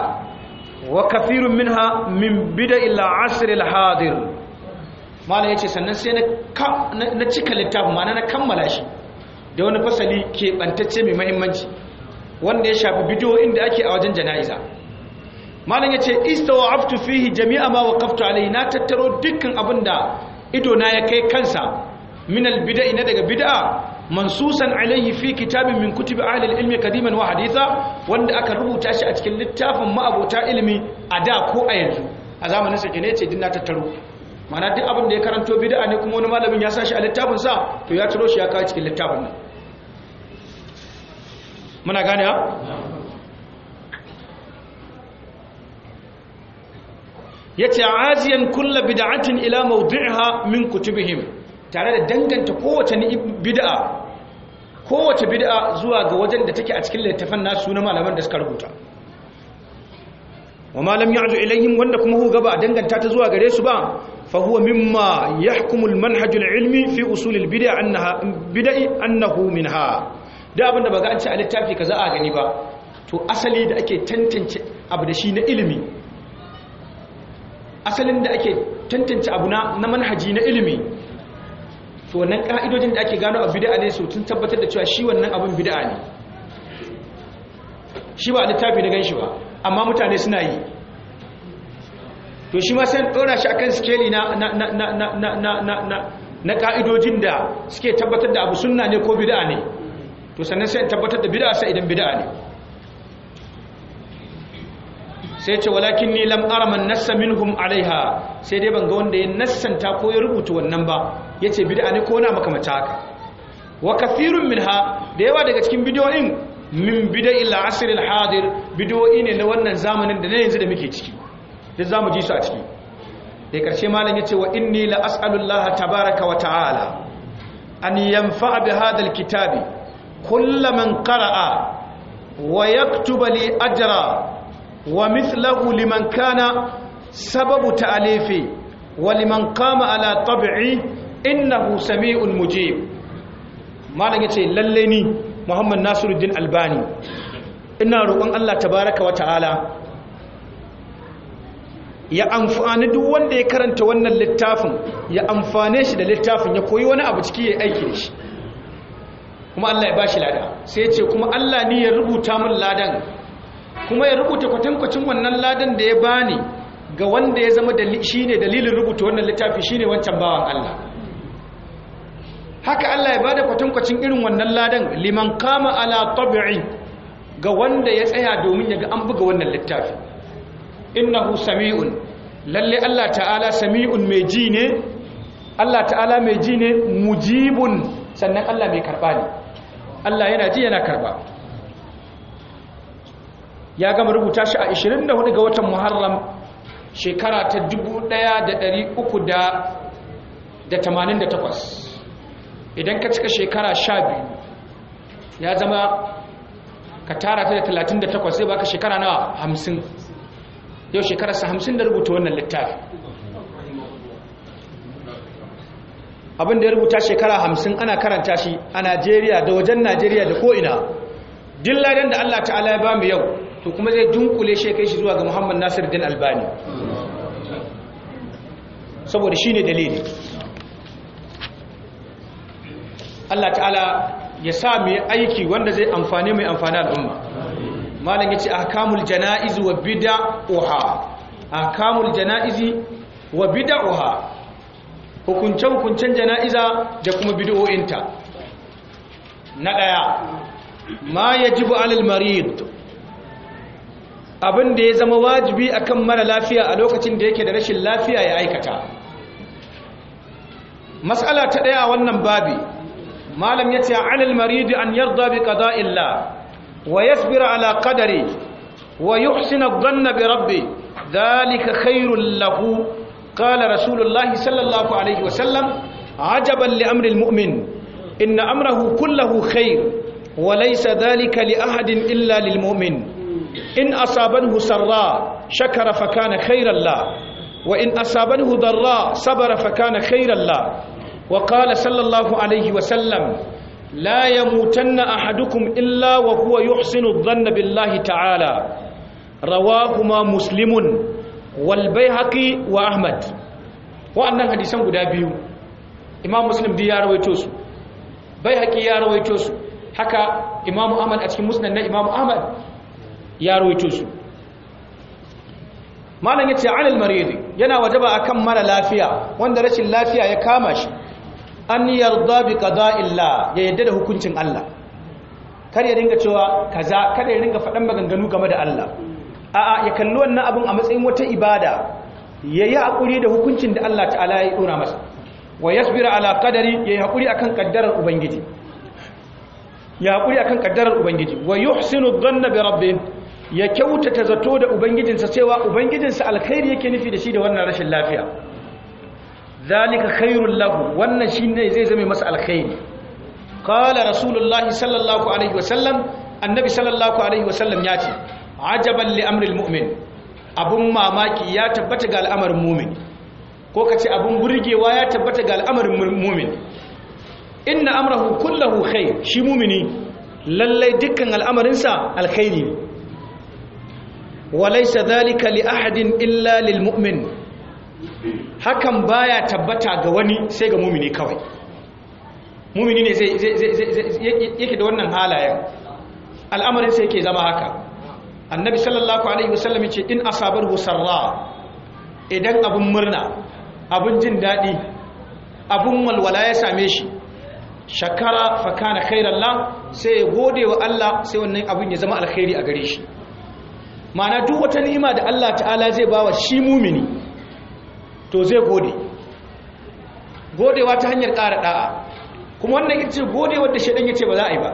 wa kafirun minha min bid'a ila asr al-hadir mala yace sannan sai na cika littafin ma'ana na kammala shi da wani fasali ke bantacce mai muhimmanci wanda ya shafi bidiyoyin da ake a wajen jana'iza malam yace istawaftu fihi jami'a ma waqaftu alayhi na tattaro dukkan abinda ido na ya kai kansa min albid'i na daga bid'a mansusan alayhi fi kitabin min kutub ahli ilmi qadiman wa haditha wanda aka rubuta shi a cikin littafin ma'abota ilimi a da ko a yanzu a zamanin sa ne ce din na tattaro ma'ana duk abin da ya karanto bid'a ne kuma wani malamin ya sa shi a littafin sa to ya taro shi ya kawo cikin littafin nan muna gane ha yace ajiyan kulla bid'atin ila mawdi'iha min kutubihim tare da danganta kowace bida'a kowace bid'a zuwa ga wajen da take a cikin littafin nasu na malaman da suka rubuta wa malam ya'zu ilayhim wanda kuma hu gaba danganta ta zuwa gare su ba fa huwa mimma yahkumu al-manhaj al-ilmi fi usul al-bid'a annaha bid'i annahu minha Da abin da ba ga an ce a littafi kaza a gani ba to asali da ake tantance abu da shi na ilimi asalin da ake tantance abu na manhaji na ilimi to wannan ka'idojin da ake gano a bid'a ne so tun tabbatar da cewa shi wannan abin bid'a ne shi ba a littafi na ganshi ba amma mutane suna yi to shi ma sai dora shi akan skeli na na na na na na na na ka'idojin da suke tabbatar da abu sunna ne ko bid'a ne to sannan sai tabbatar da bid'a sai idan bid'a ne sai ce walakin lam ara man nassa minhum alaiha sai dai ban ga wanda ya nassanta ko ya rubuta wannan ba yace bid'a ne ko na makamata haka wa kathirun minha da yawa daga cikin bidiyoyin min bida'il asr al hadir bidiyoyi ne na wannan zamanin da na yanzu da muke ciki da zamu ji su a ciki dai karshe malam yace wa inni la as'alullaha tabaaraka wa ta'ala an yanfa'a bi hadha al kitabi كل من قرأ ويكتب لي أجرا ومثله لمن كان سبب تأليفي ولمن قام على طبعي إنه سميع مجيب ما لقيتي للني محمد ناصر الدين الباني إن روان الله تبارك وتعالى ya amfani duk wanda ya karanta wannan littafin ya amfane shi da littafin ya koyi wani abu ciki ya aiki da shi kuma Allah ya bashi lada sai ya ce kuma Allah ni ya rubuta min ladan kuma ya rubuta kwatankwacin wannan ladan da ya bani ga wanda ya zama shine dalilin rubuta wannan littafi shine wancan bawan Allah haka Allah ya bada kwatankwacin irin wannan ladan liman kama ala tabi'i ga wanda ya tsaya domin ya ga an buga wannan littafi innahu sami'un lalle Allah ta'ala sami'un mai ji ne Allah ta'ala mai ji ne mujibun sannan Allah mai karɓa ne Allah yana ji yana karba ya gama rubuta shi a 24 ga watan Muharram shekara ta 1388 idan ka cika shekara 12 ya zama ka tara ta da 38 sai baka shekara na 50 yau shekararsa 50 da rubuta wannan littafi abin da ya rubuta shekara hamsin ana karanta shi a najeriya da wajen najeriya da ko'ina dilladan da allah ta'ala ya ba mu yau to kuma zai dunkule shi kai shi zuwa ga muhammad nasir din albani saboda shi ne dalili allah ta'ala ya sa mai aiki wanda zai amfani mai amfani al'umma malam ya ce ahkamul jana'iz wa a jana'izi wa bida'uha hukunce-hukuncen jana'iza da kuma bidiyoyinta na ɗaya ma ya jibu alal abin da ya zama wajibi akan mara lafiya a lokacin da yake da rashin lafiya ya aikata matsala ta ɗaya a wannan babi malam ya ce alal an yarda bi illa. wa yasbira ala qadari wa yuhsina dhanna bi rabbi dhalika khairul lahu قال رسول الله صلى الله عليه وسلم عجبا لأمر المؤمن إن أمره كله خير وليس ذلك لأحد إلا للمؤمن إن أصابنه سراء شكر فكان خيرا له وإن أصابنه ضراء صبر فكان خيرا له وقال صلى الله عليه وسلم لا يموتن أحدكم إلا وهو يحسن الظن بالله تعالى رواهما مسلم walbai haƙi wa ahmad wa'annan hadisan guda biyu imam muslim biyu ya rawaito su bai haƙi ya rawaito su haka imam ahmad a cikin musnad na imam ahmad ya rawaito su malam ce alal maridi yana wajaba akan mara lafiya wanda rashin lafiya ya kama shi an yarda bi illa ya yadda da hukuncin Allah kar ya dinga cewa kaza kada ya dinga faɗan maganganu game da Allah a'a ya kalli wannan abin a matsayin wata ibada yayi hakuri da hukuncin da Allah ta'ala ya dora masa wa yasbira ala qadari yayi hakuri akan kaddarar ubangiji ya hakuri akan kaddarar ubangiji wa yuhsinu dhanna bi rabbih ya kyautata zato da ubangijinsa cewa ubangijinsa alkhairi yake nufi da shi da wannan rashin lafiya zalika khairul lahu wannan shine zai zame masa alkhairi qala rasulullahi sallallahu alaihi wasallam annabi sallallahu alaihi wasallam ya ce ajaban li mu'min abun mamaki ya tabbata ga al'amarin mu'min ko kace abun burgewa ya tabbata ga al'amarin mu'min inna amrahu kullahu khair shi mu'mini lallai dukkan al'amarinsa alkhairi ne walaysa dhalika li ahadin illa lil mu'min hakan baya tabbata ga wani sai ga mu'mini kawai mu'mini ne yake da wannan halayen al'amarinsa yake zama haka annabi sallallahu alaihi wasallam yace in asabar husarra idan abun murna abun jin dadi abun walwala ya same shi shakara fa kana khairan la sai ya gode wa Allah sai wannan abun ya zama alkhairi a gare shi ma'ana duk wata ni'ima da Allah ta'ala zai bawa shi mumini to zai gode godewa ta hanyar ƙara da'a kuma wannan ita ce godewar da shaidan yace ba za a yi ba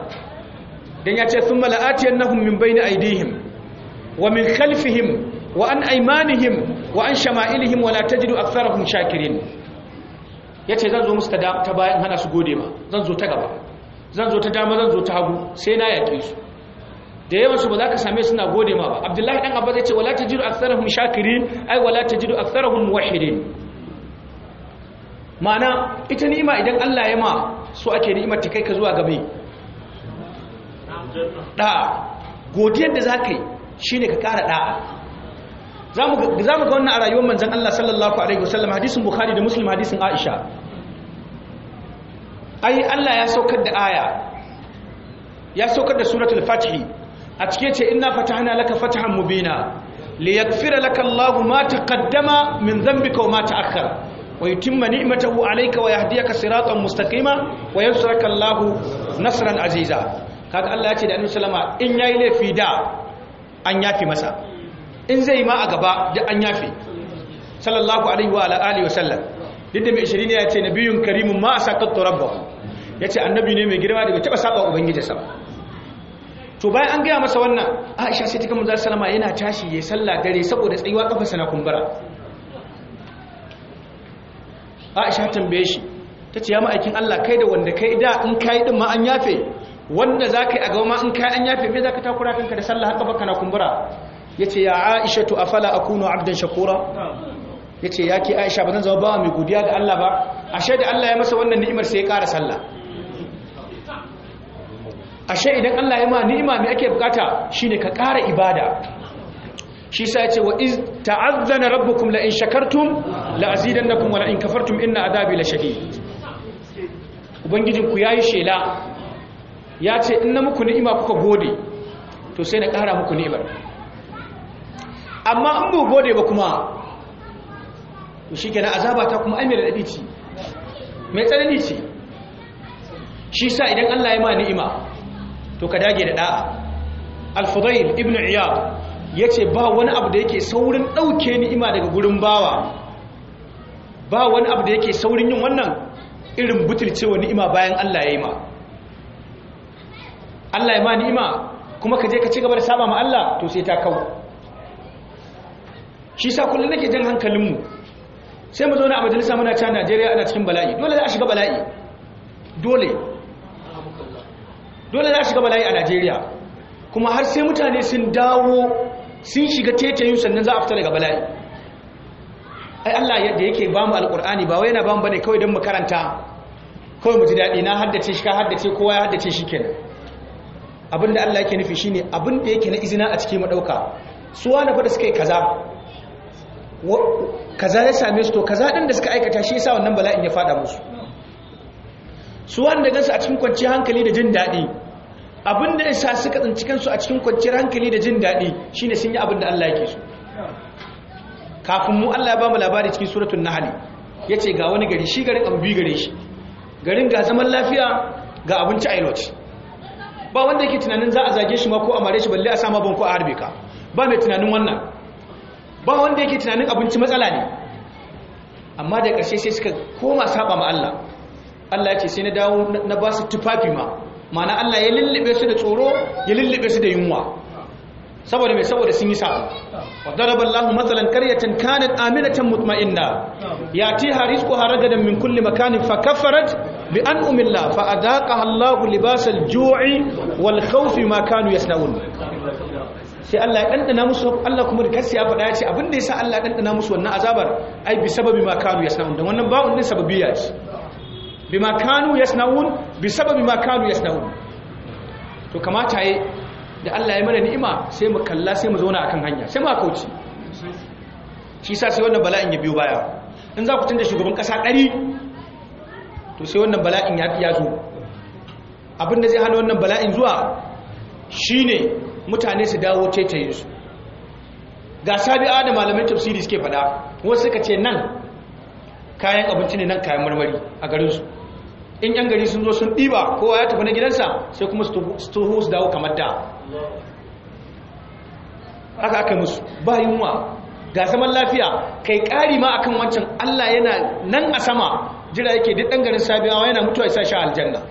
dan yace ce thumma la'atiyannahum min bayni aydihim wa min khalfihim wa an aymanihim wa an shama'ilihim wa la tajidu aktharahum shakirin yace zan zo musu ta bayan hana su gode ma zan zo ta gaba zan zo ta dama zan zo ta hagu sai na yaƙe su da yawan su ba za ka same suna gode ma ba abdullahi dan abba zai ce wala tajidu aktharahum shakirin ai wala tajidu aktharahum muwahhidin ma'ana ita ni'ima idan Allah ya ma so ake ni'imar ta kai ka zuwa gabe da godiyar da za ka yi shine ka kara da'a Za mu ga wannan a rayuwar manzan Allah sallallahu alaihi wasallam bukhari da muslim hadisin aisha ai Allah ya saukar da aya ya saukar da suratul fatihi a cike ce inna fatahna laka fatahan mubina liyaghfira laka Allahu ma taqaddama min dhanbika wa ma ta'akhkhara ويتم نعمته عليك ويهديك صراطا مستقيما وينصرك الله nasran aziza? kaga Allah ya ce da Annabi sallama in yayi laifi da an yafe masa in zai ma a gaba da an yafe sallallahu alaihi wa alihi wa sallam duk mai ishirin ya ce nabiyun karimun ma asaqatu Ya yace annabi ne mai girma da bai taba saba ubangijinsa sa. to bayan an gaya masa wannan Aisha sai ta ga manzo salama yana tashi yayin sallah dare saboda tsayuwa kafarsa na kumbura Aisha tambaye shi tace ya ma'aikin Allah kai da wanda kai da in kai din ma an yafe wanda za ka yi a gauma in kayan yafe mai za ka takura kanka da sallah haka baka na kumbura ya ce ya aisha tu fala a kuno abdan shakura ya ce ya ke aisha ba zan zama bawa mai godiya ga allah ba ashe da allah ya masa wannan ni'imar sai ya kara sallah ashe idan allah ya ma ni'ima mai ake bukata shine ka kara ibada shi sa ya ce wa iz ta'azzana rabbukum la in shakartum la azidannakum wa la in kafartum inna adabi la shadid ubangijinku yayi shela ya ce in na muku ni'ima kuka gode to sai na ƙara muku ni'imar amma in ba gode ba kuma to shi kenan azaba ta kuma amir da ce mai tsanani ce shi sa idan Allah ya ma ni'ima to ka dage da da'a al-fudayl ibn iyad yace ba wani abu da yake saurin ɗauke ni'ima daga gurin bawa ba wani abu da yake saurin yin wannan irin butulcewa ni'ima bayan Allah ya yi ma Allah ya ma ni'ima kuma ka je ka ci gaba da saba ma Allah to sai ta kawo shi sa kullun nake jan hankalinmu sai mu zo na a majalisa muna cewa Najeriya ana cikin bala'i dole za a shiga bala'i dole dole za a shiga bala'i a Najeriya kuma har sai mutane sun dawo sun shiga tetayin sannan za a fita daga bala'i ai Allah yadda yake ba mu alƙur'ani ba wai yana ba mu bane kawai don mu karanta kawai mu ji daɗi na haddace shi ka haddace kowa ya haddace shi kenan abin da Allah yake nufi shine abin da yake na izina a cikin madauka su wani fa da suka yi kaza kaza ya same su to kaza ɗin da suka aikata shi sa wannan bala'in ya fada musu su wani da gansu a cikin kwanciyar hankali da jin daɗi abin da sa suka tsinci kansu a cikin kwanciyar hankali da jin daɗi shi ne sun yi abin da Allah yake so kafin mu Allah ya ba mu labari cikin suratun nahali Ya ce ga wani gari shi garin abu gare shi garin ga zaman lafiya ga abinci a lokaci ba wanda yake tunanin za a zage shi ma ko a mare shi balle a sama banko a harbe ka ba mai tunanin wannan ba wanda yake tunanin abinci matsala ne amma da ƙarshe sai suka koma saba ma Allah Allah ya ce sai na dawo na ba su tufafi ma ma'ana Allah ya lullube su da tsoro ya lullube su da yunwa saboda mai saboda sun yi sabo wa daraba Allahu mathalan qaryatan kanat aminatan mutma'inna yatiha rizquha ragadan min kulli makanin fa kaffarat bi an Allah fa adaqaha Allahu libasal ju'i wal khawfi ma kanu yasnaun sai Allah ya dandana musu Allah kuma da kansa ya faɗa ya ce abin da yasa Allah ya dandana musu wannan azabar ai bi sababi ma kanu yasnaun dan wannan ba'un din sababiyya ce bima kanu yasnaun bi sababi ma kanu yasnaun to kamata yayi da Allah ya mana ni'ima sai mu kalla sai mu zauna akan hanya sai mu kauce shi sa sai wannan bala'in ya biyo baya in za ku tunda shugaban kasa ɗari to sai wannan bala'in ya zo abin da zai hana wannan bala'in zuwa shine mutane su dawo taitaye su ga sabi da malamin tafsiri suke fada wasu suka ce nan kayan abinci ne nan kayan marmari a garin su. in yan gari sun zo sun ɗiba kowa ya tafi na gidansa sai kuma su tuhu su dawo kamar da aka aka musu ba yunwa ga zaman lafiya kai ƙari ma akan wancan allah yana nan a sama jira yake duk ɗan garin sabiyawa yana mutuwa isa sha aljanna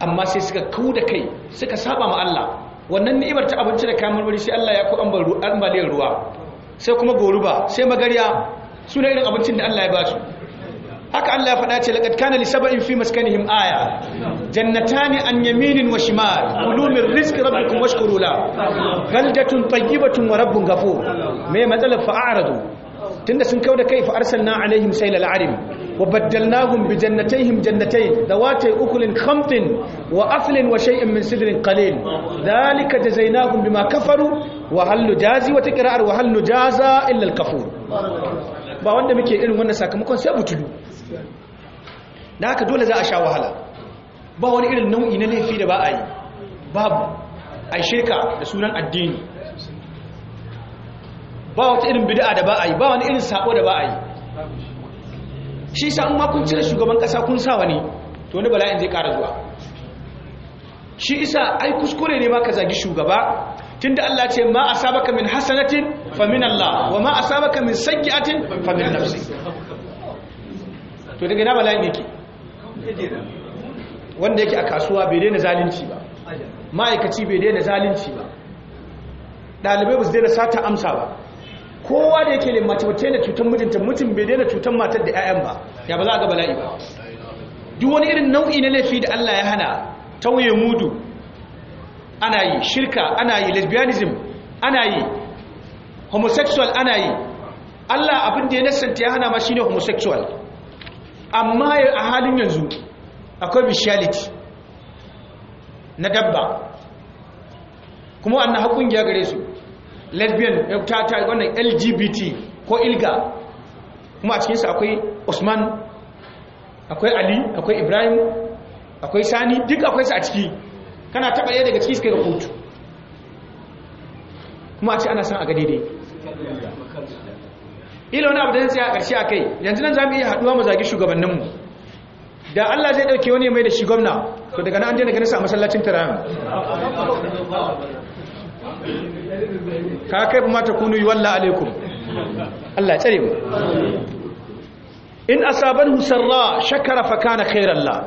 amma sai suka kau da kai suka saba ma allah wannan ni'imar ta abinci da kayan wuri sai allah ya ku ambaliyar ruwa sai kuma goruba sai magarya. su irin abincin da allah ya ba su haka Allah ya faɗa ce laqad kana li sab'in fi maskanihim aya jannatani an yaminin wa shimal kulu min rizqi rabbikum washkuru la baldatun tayyibatun wa rabbun ghafur me matsalar fa a'radu tunda sun kauda kai fa arsalna alaihim sayla al'arim wa baddalnahum bi jannatayhim jannatayn dawati ukulin khamtin wa aslin wa shay'in min sidrin qalil dhalika jazaynahum bima kafaru wa hal nujazi wa tikra'ar wa hal nujaza illa al-kafur ba wanda muke irin wannan sakamakon sai butudu da haka dole za a sha wahala ba wani irin nau'i na laifi da ba a yi babu a shirka da sunan addini ba wata irin bid'a da ba a yi ba wani irin sako da ba a yi shi sa in ma kun cire shugaban kasa kun sa wani to wani bala'in zai kara zuwa shi isa ai kuskure ne ma ka zagi shugaba tunda Allah ce ma asabaka min hasanatin fa min Allah wa ma asabaka min sayyi'atin fa min nafsi to daga ina bala'in yake wanda yake a kasuwa bai daina zalunci ba ma'aikaci bai daina zalunci ba Dalibai ba su daina sata amsa ba kowa da yake limaci wata yana cutar mijinta mutum bai daina cutar matar da 'ya'yan ba ya ba za a ga bala'i ba duk wani irin nau'i na laifi da allah ya hana tauye mudu ana yi shirka ana yi lesbianism ana yi homosexual ana yi allah abin da ya nasanta ya hana ma shine homosexual amma a halin yanzu akwai bishiyaliti na dabba kuma an na ya gare su lesbian eh, ta ta wannan lgbt ko ilga kuma a cikinsu akwai usman akwai ali akwai ibrahim akwai sani duk akwai su a ciki kana taba yadda daga ciki suka yi kotu kuma a ce ana san a ga daidai ila wani abu da zai a ƙarshe a kai yanzu nan za mu iya haɗuwa mu zagi shugabanninmu da Allah zai ɗauke wani mai da shi gwamna to daga nan an daina ganin sa a masallacin tarayyar ka kai mata kunu yi walla alaikum Allah tsare mu in shakara faka na khairan la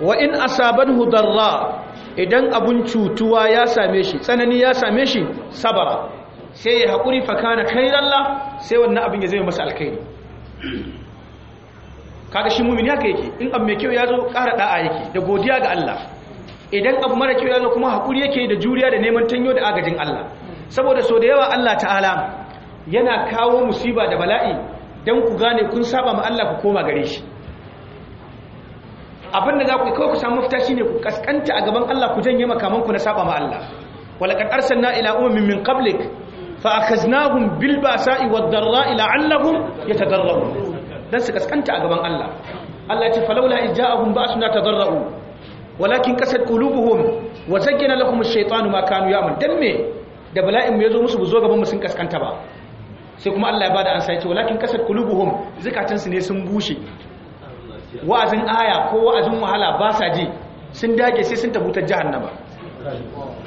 wa in asabanhu darra idan abun cutuwa ya same shi tsanani ya same shi sabara sai ya haƙuri fakana lalla, sai wannan abin ya zai masa alkairi kaga shi mumin haka yake in abu mai kyau ya zo ƙara ɗa'a yake da godiya ga Allah idan abu mara kyau ya zo kuma haƙuri yake da juriya da neman tanyo da agajin Allah saboda so da yawa Allah ta'ala yana kawo musiba da bala'i don ku gane kun saba ma Allah ku koma gare shi abin da za ku kawai ku samu mafita ne ku kaskanta a gaban Allah ku janye makamanku na saba ma Allah walaqad na ila ummin min qablik fa akaznahum bil basa'i wad darra'i la'allahum yatadarrabun dan su kaskanta a gaban Allah Allah ya ce ija abun ba tadarra'u walakin qasat qulubuhum wa zayyana lahum ash-shaytanu ma kanu ya dan me da bala'in mu zo musu buzo gaban mu sun kaskanta ba sai kuma Allah ya bada ansa ya ce walakin qasat qulubuhum su ne sun bushe wa'azin aya ko wa'azin wahala ba sa ji sun dage sai sun tabutar jahannama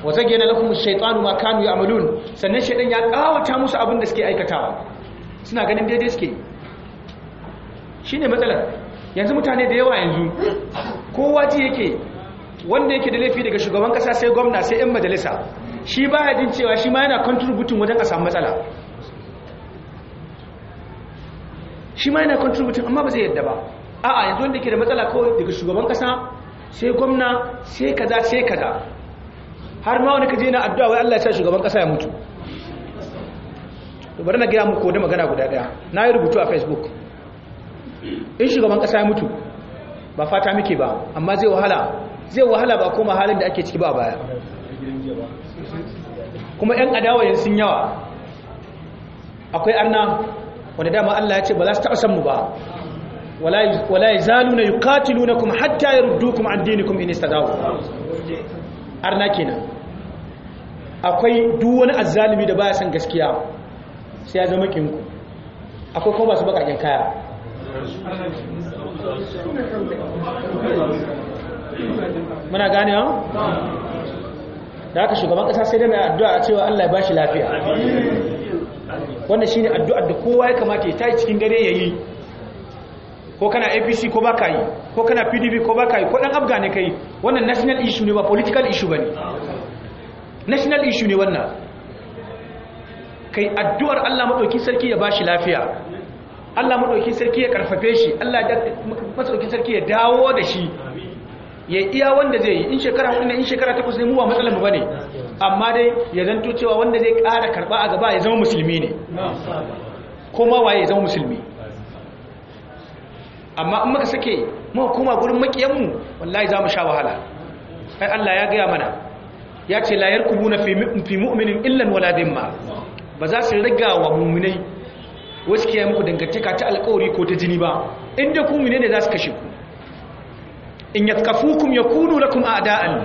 wa zayyana lakum ash-shaytanu ma kanu ya'malun sannan shaytan ya kawata musu abin da suke aikatawa suna ganin daidai suke shine matsalar yanzu mutane da yawa yanzu kowa ji yake wanda yake da laifi daga shugaban kasa sai gwamna sai yan majalisa shi ya jin cewa shi ma yana contributing wajen a samu matsala shi ma yana contributing amma ba zai yadda ba a'a yanzu wanda yake da matsala kawai daga shugaban kasa sai gwamna sai kaza sai kaza har ma wani kaje na addu'a wai Allah ya sa shugaban kasa ya mutu to bari na gaya muku wani magana guda daya na yi rubutu a facebook in shugaban kasa ya mutu ba fata muke ba amma zai wahala zai wahala ba kuma halin da ake ciki ba baya kuma 'yan adawayen sun yawa akwai arna wanda dama Allah ya ce ba za su taɓa san mu ba wala ya zalu na yi katilu na kuma hatta ya rudu kuma addini kuma inista dawo arna kenan akwai duk wani azzalimi da baya son gaskiya sai ya zama kinku akwai kuma su bakakin kaya muna gane ha? da aka shugaban kasa sai dana addu'a cewa Allah ya ba shi lafiya wannan shi ne addu'ar da kowa ya kamata ya tashi cikin dare ya yi ko kana apc ko ba ka yi ko kana pdp ko ba ka yi ko ɗan afghani ka yi wannan national issue ne ba political issue ba ne national issue ne wannan kai addu'ar Allah maɗauki sarki ya bashi lafiya Allah maɗauki sarki ya karfafe shi Allah maɗauki sarki ya dawo da shi ya iya wanda zai yi in shekara hudu ne in shekara takwas ne muwa matsalar ba ne amma dai ya zanto cewa wanda zai ƙara karɓa a gaba ya zama musulmi ne kuma waye ya zama musulmi amma in muka sake muka koma gurin makiyanmu wallahi za mu sha wahala ai Allah ya gaya mana ya ce layarku yarkubuna fi mu'minin illan wala dimma ba za su riga wa mu'minai wasu ke muku dangantaka ta alkawari ko ta jini ba inda ku mine ne za su kashe ku in yatkafukum yakunu lakum a'da'an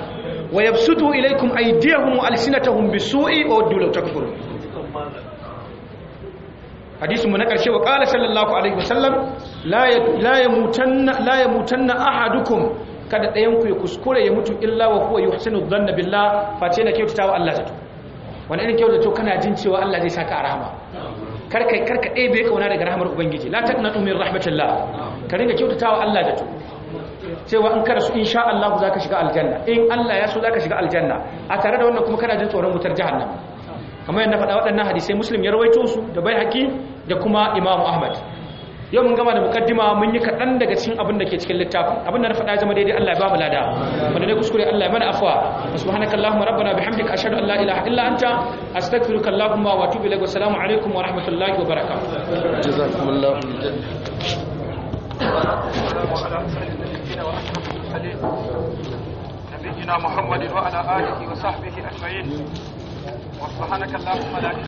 wa yabsutu ilaykum aydiyahum wa alsinatahum bisu'i wa waddu law takfurun hadisin mu na karshe wa qala sallallahu alaihi wasallam la la yamutanna la yamutanna ahadukum kada ɗayan ku ya kuskure ya mutu illa wa huwa yuhsinu dhanna billah face na kyautata wa Allah zato wani irin kyautata kana jin cewa Allah zai saka rahama karka karka ɗaya bai kauna daga rahamar ubangiji la taqnatu min rahmatillah ka ringa kyautata wa Allah zato cewa in karasu insha Allah zaka shiga aljanna in Allah ya so zaka shiga aljanna a tare da wannan kuma kana jin tsoron wutar jahannama kamar yadda faɗa waɗannan hadisai muslim ya rawaito su da bai haƙi da kuma imamu ahmad yau mun gama da mukaddima mun yi kaɗan daga cikin abin da ke cikin littafin abin da na faɗa zama daidai Allah ya bamu lada wanda ne kuskure Allah ya mana afwa subhanaka allahumma rabbana bihamdika ashhadu an la ilaha illa anta astaghfiruka allahumma wa atubu ilaik wa assalamu alaikum wa rahmatullahi wa barakatuh jazakumullahu نبينا